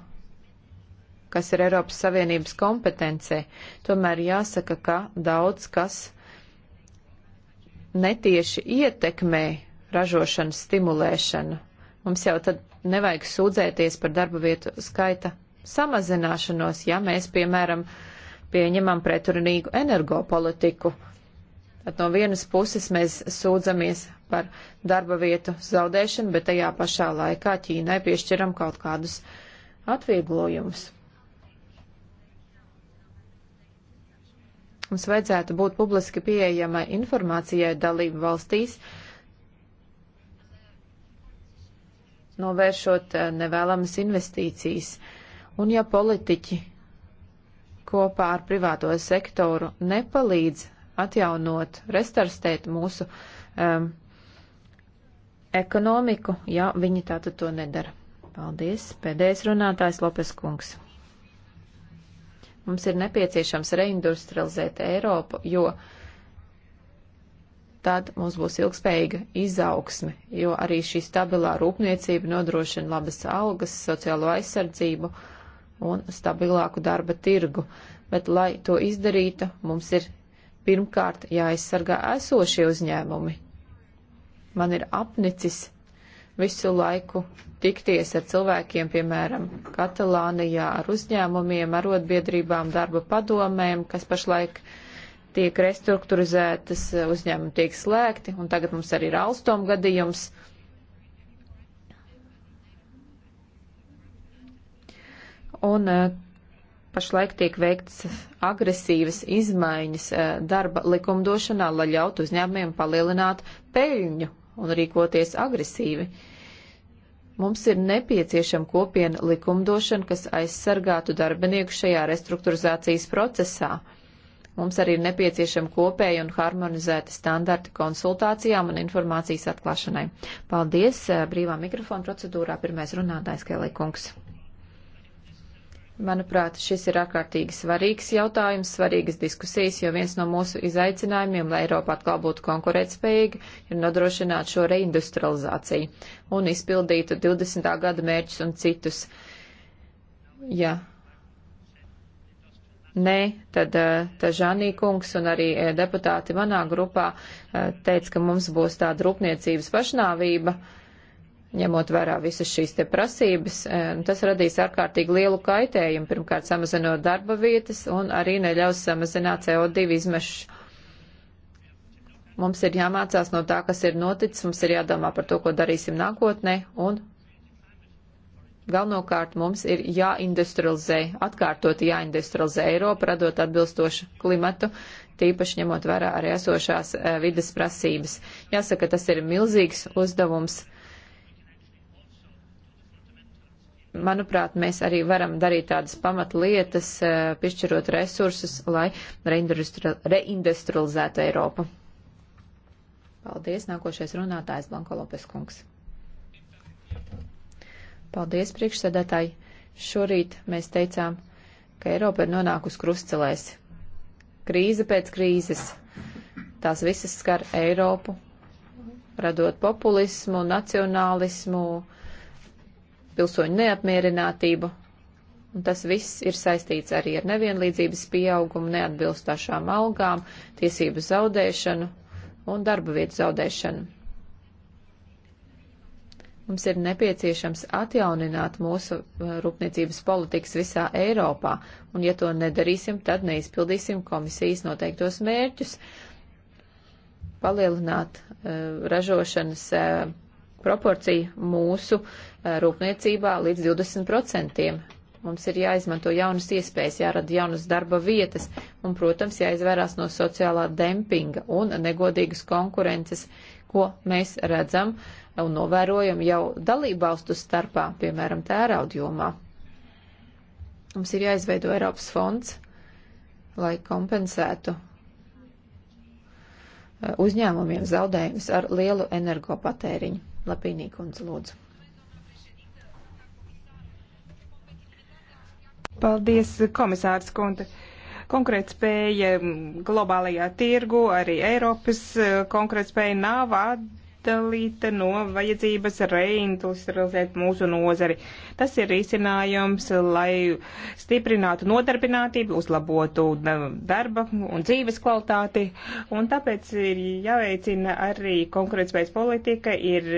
kas ir Eiropas Savienības kompetencē. Tomēr jāsaka, ka daudz kas netieši ietekmē ražošanas stimulēšanu. Mums jau tad nevajag sūdzēties par darba vietu skaita samazināšanos, ja mēs, piemēram, pieņemam pretrunīgu energopolitiku. Tad no vienas puses mēs sūdzamies par darba vietu zaudēšanu, bet tajā pašā laikā Ķīnai piešķiram kaut kādus atvieglojumus. Mums vajadzētu būt publiski pieejamai informācijai dalību valstīs, novēršot eh, nevēlamas investīcijas. Un ja politiķi kopā ar privāto sektoru nepalīdz atjaunot, restartēt mūsu um, ekonomiku, ja viņi tātad to nedara. Paldies. Pēdējais runātājs Lopes Kungs. Mums ir nepieciešams reindustrializēt Eiropu, jo tad mums būs ilgspējīga izaugsme, jo arī šī stabilā rūpniecība nodrošina labas algas, sociālo aizsardzību un stabilāku darba tirgu. Bet, lai to izdarītu, mums ir pirmkārt jāaizsargā esošie uzņēmumi. Man ir apnicis visu laiku tikties ar cilvēkiem, piemēram, Katalānijā, ar uzņēmumiem, arotbiedrībām, darba padomēm, kas pašlaik tiek restruktūrizētas, uzņēmumi tiek slēgti, un tagad mums arī ir Alstom gadījums. Un eh, pašlaik tiek veikts agresīvas izmaiņas eh, darba likumdošanā, lai ļautu uzņēmumiem palielināt peļņu un rīkoties agresīvi. Mums ir nepieciešama kopiena likumdošana, kas aizsargātu darbinieku šajā restruktūrizācijas procesā. Mums arī ir nepieciešama kopēja un harmonizēta standarta konsultācijām un informācijas atklāšanai. Paldies! Eh, brīvā mikrofona procedūrā pirmais runātājs Kēlī Kungs. Manuprāt, šis ir ārkārtīgi svarīgs jautājums, svarīgas diskusijas, jo viens no mūsu izaicinājumiem, lai Eiropa atkal būtu konkurētspējīga, ir nodrošināt šo reindustrializāciju un izpildītu 20. gada mērķus un citus. Ja Nē, tad, eh, tad Žanī kungs un arī eh, deputāti manā grupā eh, teica, ka mums būs tāda rūpniecības pašnāvība. Uh, ņemot vērā visas šīs te prasības, e, nu, tas radīs ārkārtīgi lielu kaitējumu, pirmkārt samazinot darba vietas un arī neļaus samazināt CO2 izmešus. Mums ir jāmācās no tā, kas ir noticis, mums ir jādomā par to, ko darīsim nākotnē un galvenokārt mums ir jāindustrializē, atkārtot jāindustrializē Eiropa, radot atbilstošu klimatu, tīpaši ņemot vērā arī esošās e, vides prasības. Jāsaka, tas ir milzīgs uzdevums manuprāt, mēs arī varam darīt tādas pamatlietas, eh, piešķirot resursus, lai reindustrializētu Eiropu. Paldies, nākošais runātājs Blanko Lopes kungs. Paldies, priekšsēdētāji. Šorīt mēs teicām, ka Eiropa ir nonākusi krustcelēs. Krīze pēc krīzes. Tās visas skar Eiropu, radot populismu, nacionālismu, uh, pilsoņu neapmierinātību, un tas viss ir saistīts arī ar nevienlīdzības pieaugumu, neatbilstošām algām, tiesību zaudēšanu un darba vietu zaudēšanu. Mums ir nepieciešams atjaunināt mūsu uh, rūpniecības politikas visā Eiropā, un ja to nedarīsim, tad neizpildīsim komisijas noteiktos mērķus palielināt uh, ražošanas uh, proporciju mūsu uh, rūpniecībā līdz 20%. Mums ir jāizmanto jaunas iespējas, jārada jaunas darba vietas un, protams, jāizvērās no sociālā dempinga un negodīgas konkurences, ko mēs redzam un novērojam jau dalībvalstu starpā, piemēram, tērauda jomā. Mums ir jāizveido Eiropas fonds, lai kompensētu uh, uzņēmumiem zaudējumus ar lielu energopatēriņu. Lapīnī kundze lūdzu. Paldies, komisārs Kunte. Konkurētspēja mm, globālajā tirgu, arī Eiropas eh, konkurētspēja nav atbildīga atdalīta no vajadzības reindustrializēt mūsu nozari. Tas ir risinājums, lai stiprinātu nodarbinātību, uzlabotu darba un dzīves kvalitāti, un tāpēc ir jāveicina arī konkurētspējas politika, ir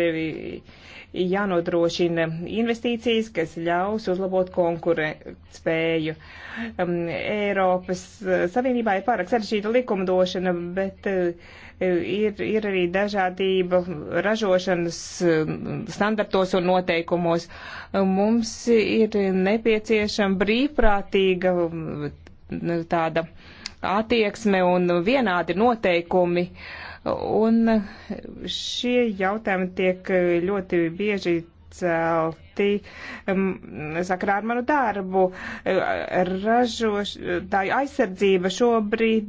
jānodrošina investīcijas, kas ļaus uzlabot konkurētspēju. Um, Eiropas Savienībā ir pārāk sarežģīta likumdošana, bet uh, ir, ir arī dažādība ražošanas um, standartos un noteikumos. Mums ir nepieciešama brīvprātīga um, tāda attieksme un vienādi noteikumi. Un šie jautājumi tiek ļoti bieži celti um, sakrā ar manu darbu. Ražotāju aizsardzība šobrīd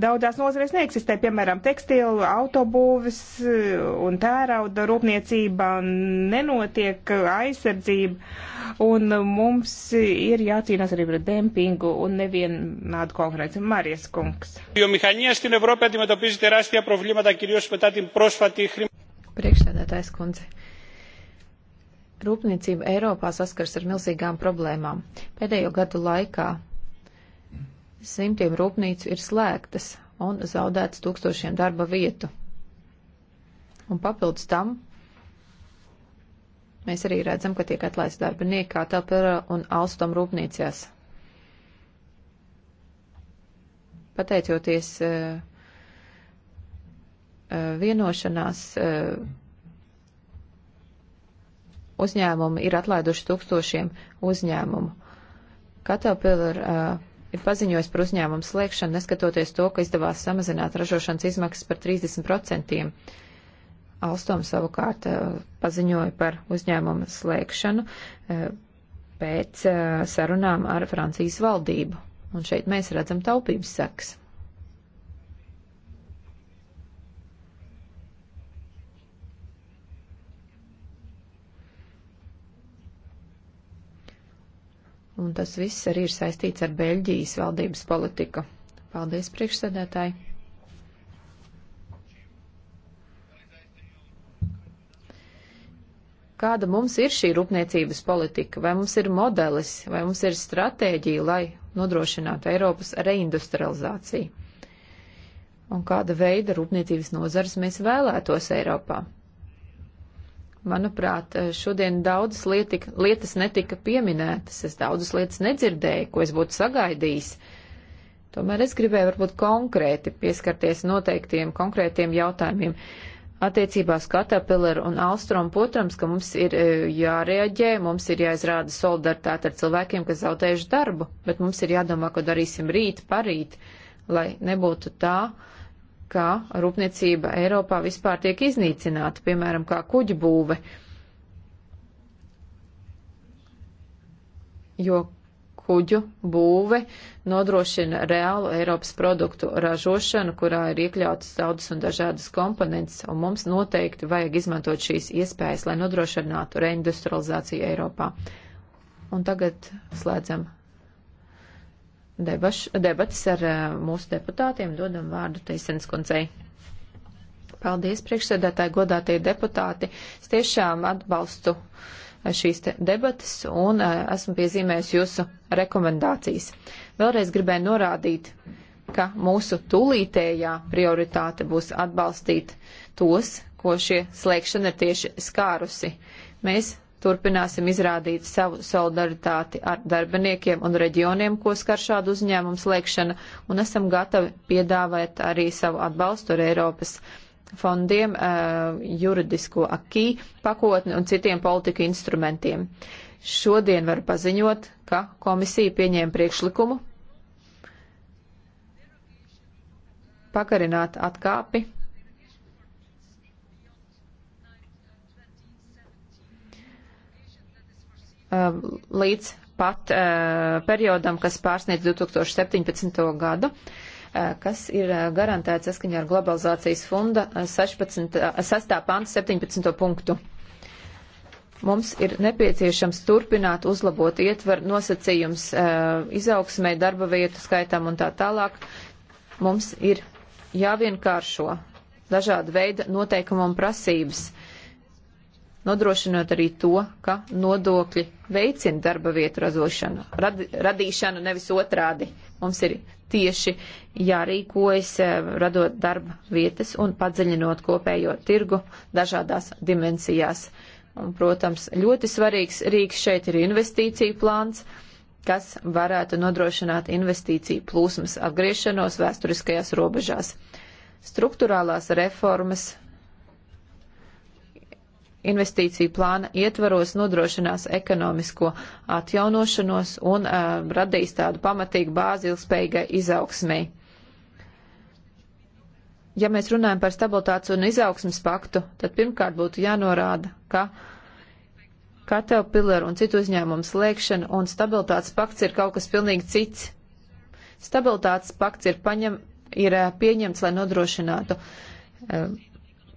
daudzās nozarēs neeksistē, piemēram, tekstilu, autobūvis eh, un tērauda rūpniecība nenotiek aizsardzība, un mums ir jācīnās arī pret dempingu un nevienādu konkurenci. Marijas kungs. Priekšsēdētājs kundze rūpniecība Eiropā saskars ar milzīgām problēmām. Pēdējo gadu laikā Simtiem rūpnīcu ir slēgtas un zaudētas tūkstošiem darba vietu. Un papildus tam mēs arī redzam, ka tiek atlaists darbinieki kā telpera un alstom rūpnīcās. Pateicoties uh, vienošanās uh, uzņēmumi ir atlaiduši tūkstošiem uzņēmumu. Caterpillar uh, ir paziņojis par uzņēmumu slēgšanu, neskatoties to, ka izdevās samazināt ražošanas izmaksas par 30%. Alstom savukārt eh, paziņoja par uzņēmumu slēgšanu eh, pēc eh, sarunām ar Francijas valdību. Un šeit mēs redzam taupības sekas. Un tas viss arī ir saistīts ar Beļģijas valdības politiku. Paldies, priekšsēdētāji! Kāda mums ir šī rūpniecības politika? Vai mums ir modelis, vai mums ir stratēģija, lai nodrošinātu Eiropas reindustrializāciju? Un kāda veida rūpniecības nozars mēs vēlētos Eiropā? manuprāt, eh, šodien daudzas lietika, lietas netika pieminētas, es daudzas lietas nedzirdēju, ko es būtu sagaidījis. Tomēr es gribēju varbūt konkrēti pieskarties noteiktiem konkrētiem jautājumiem. Attiecībās Caterpillar un Alstrom, protams, ka mums ir eh, jārēģē, mums ir jāizrāda solidaritāte ar cilvēkiem, kas zaudējuši darbu, bet mums ir jādomā, ko darīsim rīt, parīt, lai nebūtu tā, uh, kā rūpniecība Eiropā vispār tiek iznīcināta, piemēram, kā kuģu būve. Jo kuģu būve nodrošina reālu Eiropas produktu ražošanu, kurā ir iekļautas daudzas un dažādas komponentes, un mums noteikti vajag izmantot šīs iespējas, lai nodrošinātu reindustrializāciju Eiropā. Un tagad slēdzam debaš, debatas ar eh, mūsu deputātiem. Dodam vārdu Teisens kundzei. Paldies, priekšsēdētāji, godātie deputāti. Es tiešām atbalstu eh, šīs debatas un eh, esmu piezīmējis jūsu rekomendācijas. Vēlreiz gribēju norādīt, ka mūsu tūlītējā prioritāte būs atbalstīt tos, ko šie slēgšana ir tieši skārusi. Mēs Turpināsim izrādīt savu solidaritāti ar darbiniekiem un reģioniem, ko skar šādu uzņēmumu slēgšana, un esam gatavi piedāvāt arī savu atbalstu ar Eiropas fondiem, eh, juridisko akī pakotni un citiem politiku instrumentiem. Šodien var paziņot, ka komisija pieņēma priekšlikumu pagarināt atkāpi Uh, līdz pat uh, periodam, kas pārsniedz 2017. gadu uh, kas ir garantēts saskaņā ar globalizācijas fonda 16, 6. pantu 17. punktu. Mums ir nepieciešams turpināt uzlabot ietveru nosacījums izaugsmē, darba vietu skaitam un tā tālāk. Mums ir jāvienkāršo dažāda veida noteikumu un prasības. Uh, nodrošinot arī to, ka nodokļi veicina darba vietu razošanu, rad, radīšanu, nevis otrādi. Mums ir tieši jārīkojas, eh, radot darba vietas un padziļinot kopējo tirgu dažādās dimensijās. Un, protams, ļoti svarīgs rīks šeit ir investīciju plāns, kas varētu nodrošināt investīciju plūsmas atgriešanos vēsturiskajās robežās. Struktūrālās reformas investīciju plāna ietvaros nodrošinās ekonomisko atjaunošanos un uh, radīs tādu pamatīgu bāzi ilgspējīgai izaugsmai. Ja mēs runājam par stabilitātes un izaugsmas paktu, tad pirmkārt būtu jānorāda, ka Kateva pilaru un citu uzņēmumu slēgšana un stabilitātes pakts ir kaut kas pilnīgi cits. Stabilitātes pakts ir, paņem, ir pieņemts, lai nodrošinātu uh,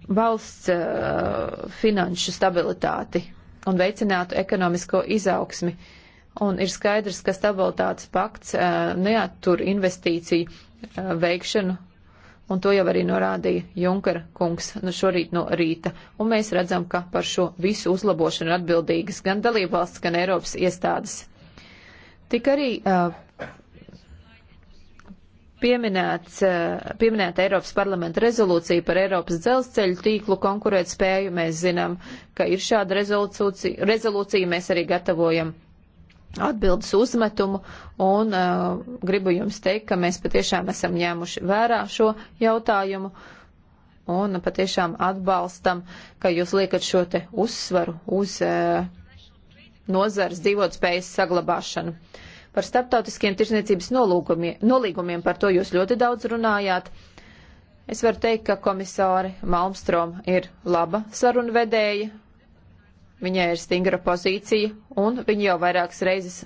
valsts uh, finanšu stabilitāti un veicinātu ekonomisko izaugsmi. Un ir skaidrs, ka stabilitātes pakts uh, neattur investīciju uh, veikšanu, un to jau arī norādīja Junkara kungs nu šorīt no rīta. Un mēs redzam, ka par šo visu uzlabošanu atbildīgas gan dalībvalsts, gan Eiropas iestādes. Tik arī uh, pieminēts, eh, pieminēta Eiropas parlamenta rezolūcija par Eiropas dzelzceļu tīklu konkurētspēju. Mēs zinām, ka ir šāda rezolūcija, rezolūcija mēs arī gatavojam atbildes uzmetumu un uh, gribu jums teikt, ka mēs patiešām esam ņēmuši vērā šo jautājumu un patiešām atbalstam, ka jūs liekat šo te uzsvaru uz uh, nozars dzīvotspējas saglabāšanu. Uh, par starptautiskiem tirzniecības nolīgumiem, par to jūs ļoti daudz runājāt. Es varu teikt, ka komisāri Malmstrom ir laba sarunvedēja, viņai ir stingra pozīcija, un viņa jau vairākas reizes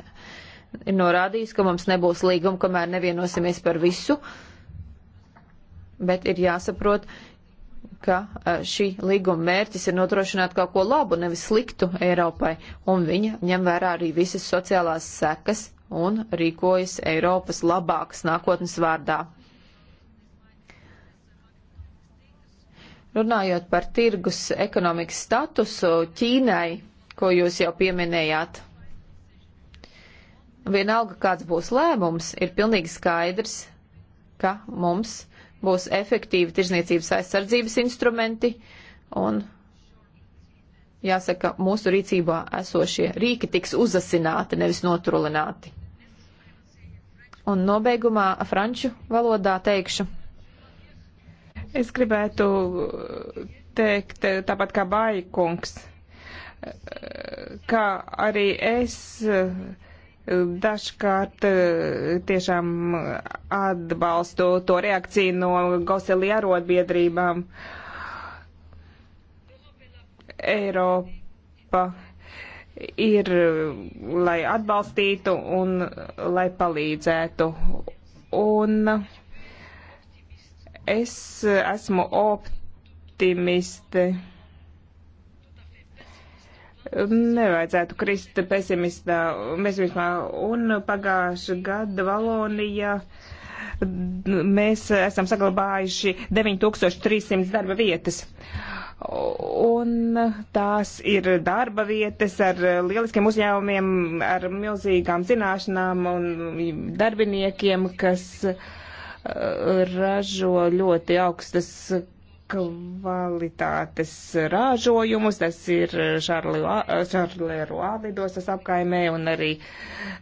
ir norādījusi, ka mums nebūs līguma, kamēr nevienosimies par visu, bet ir jāsaprot, ka šī līguma mērķis ir nodrošināt kaut ko labu, nevis sliktu Eiropai, un viņa ņem vērā arī visas sociālās sekas, un rīkojas Eiropas labākas nākotnes vārdā. Runājot par tirgus ekonomikas statusu Ķīnai, ko jūs jau pieminējāt, vienalga kāds būs lēmums, ir pilnīgi skaidrs, ka mums būs efektīvi tirzniecības aizsardzības instrumenti un jāsaka, mūsu rīcībā esošie rīki tiks uzasināti, nevis notrulināti. Un nobeigumā franču valodā teikšu. Es gribētu teikt eh, tāpat kā Baikungs, eh, kā arī es eh, dažkārt tiešām atbalstu to reakciju no Goseli arotbiedrībām. Eiropa ir, lai atbalstītu un lai palīdzētu. Un es esmu optimiste. Nevajadzētu krist pesimistā, pesimismā. Un pagājuši gada Valonija mēs esam saglabājuši 9300 darba vietas. Uh, Un tās ir darba vietas ar lieliskiem uzņēmumiem, ar milzīgām zināšanām un darbiniekiem, kas uh, ražo ļoti augstas kvalitātes ražojumus. Tas ir Šarleroā lidostas apkaimē un arī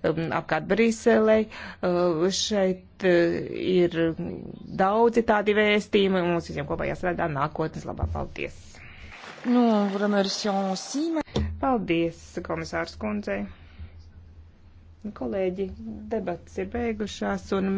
um, apkārt Briselei. Uh, šeit uh, ir daudzi tādi vēstījumi un mums visiem kopā jāstrādā nākotnes labā. Paldies! Paldies, komisārs kundzei. Kolēģi, debats ir beigušās un.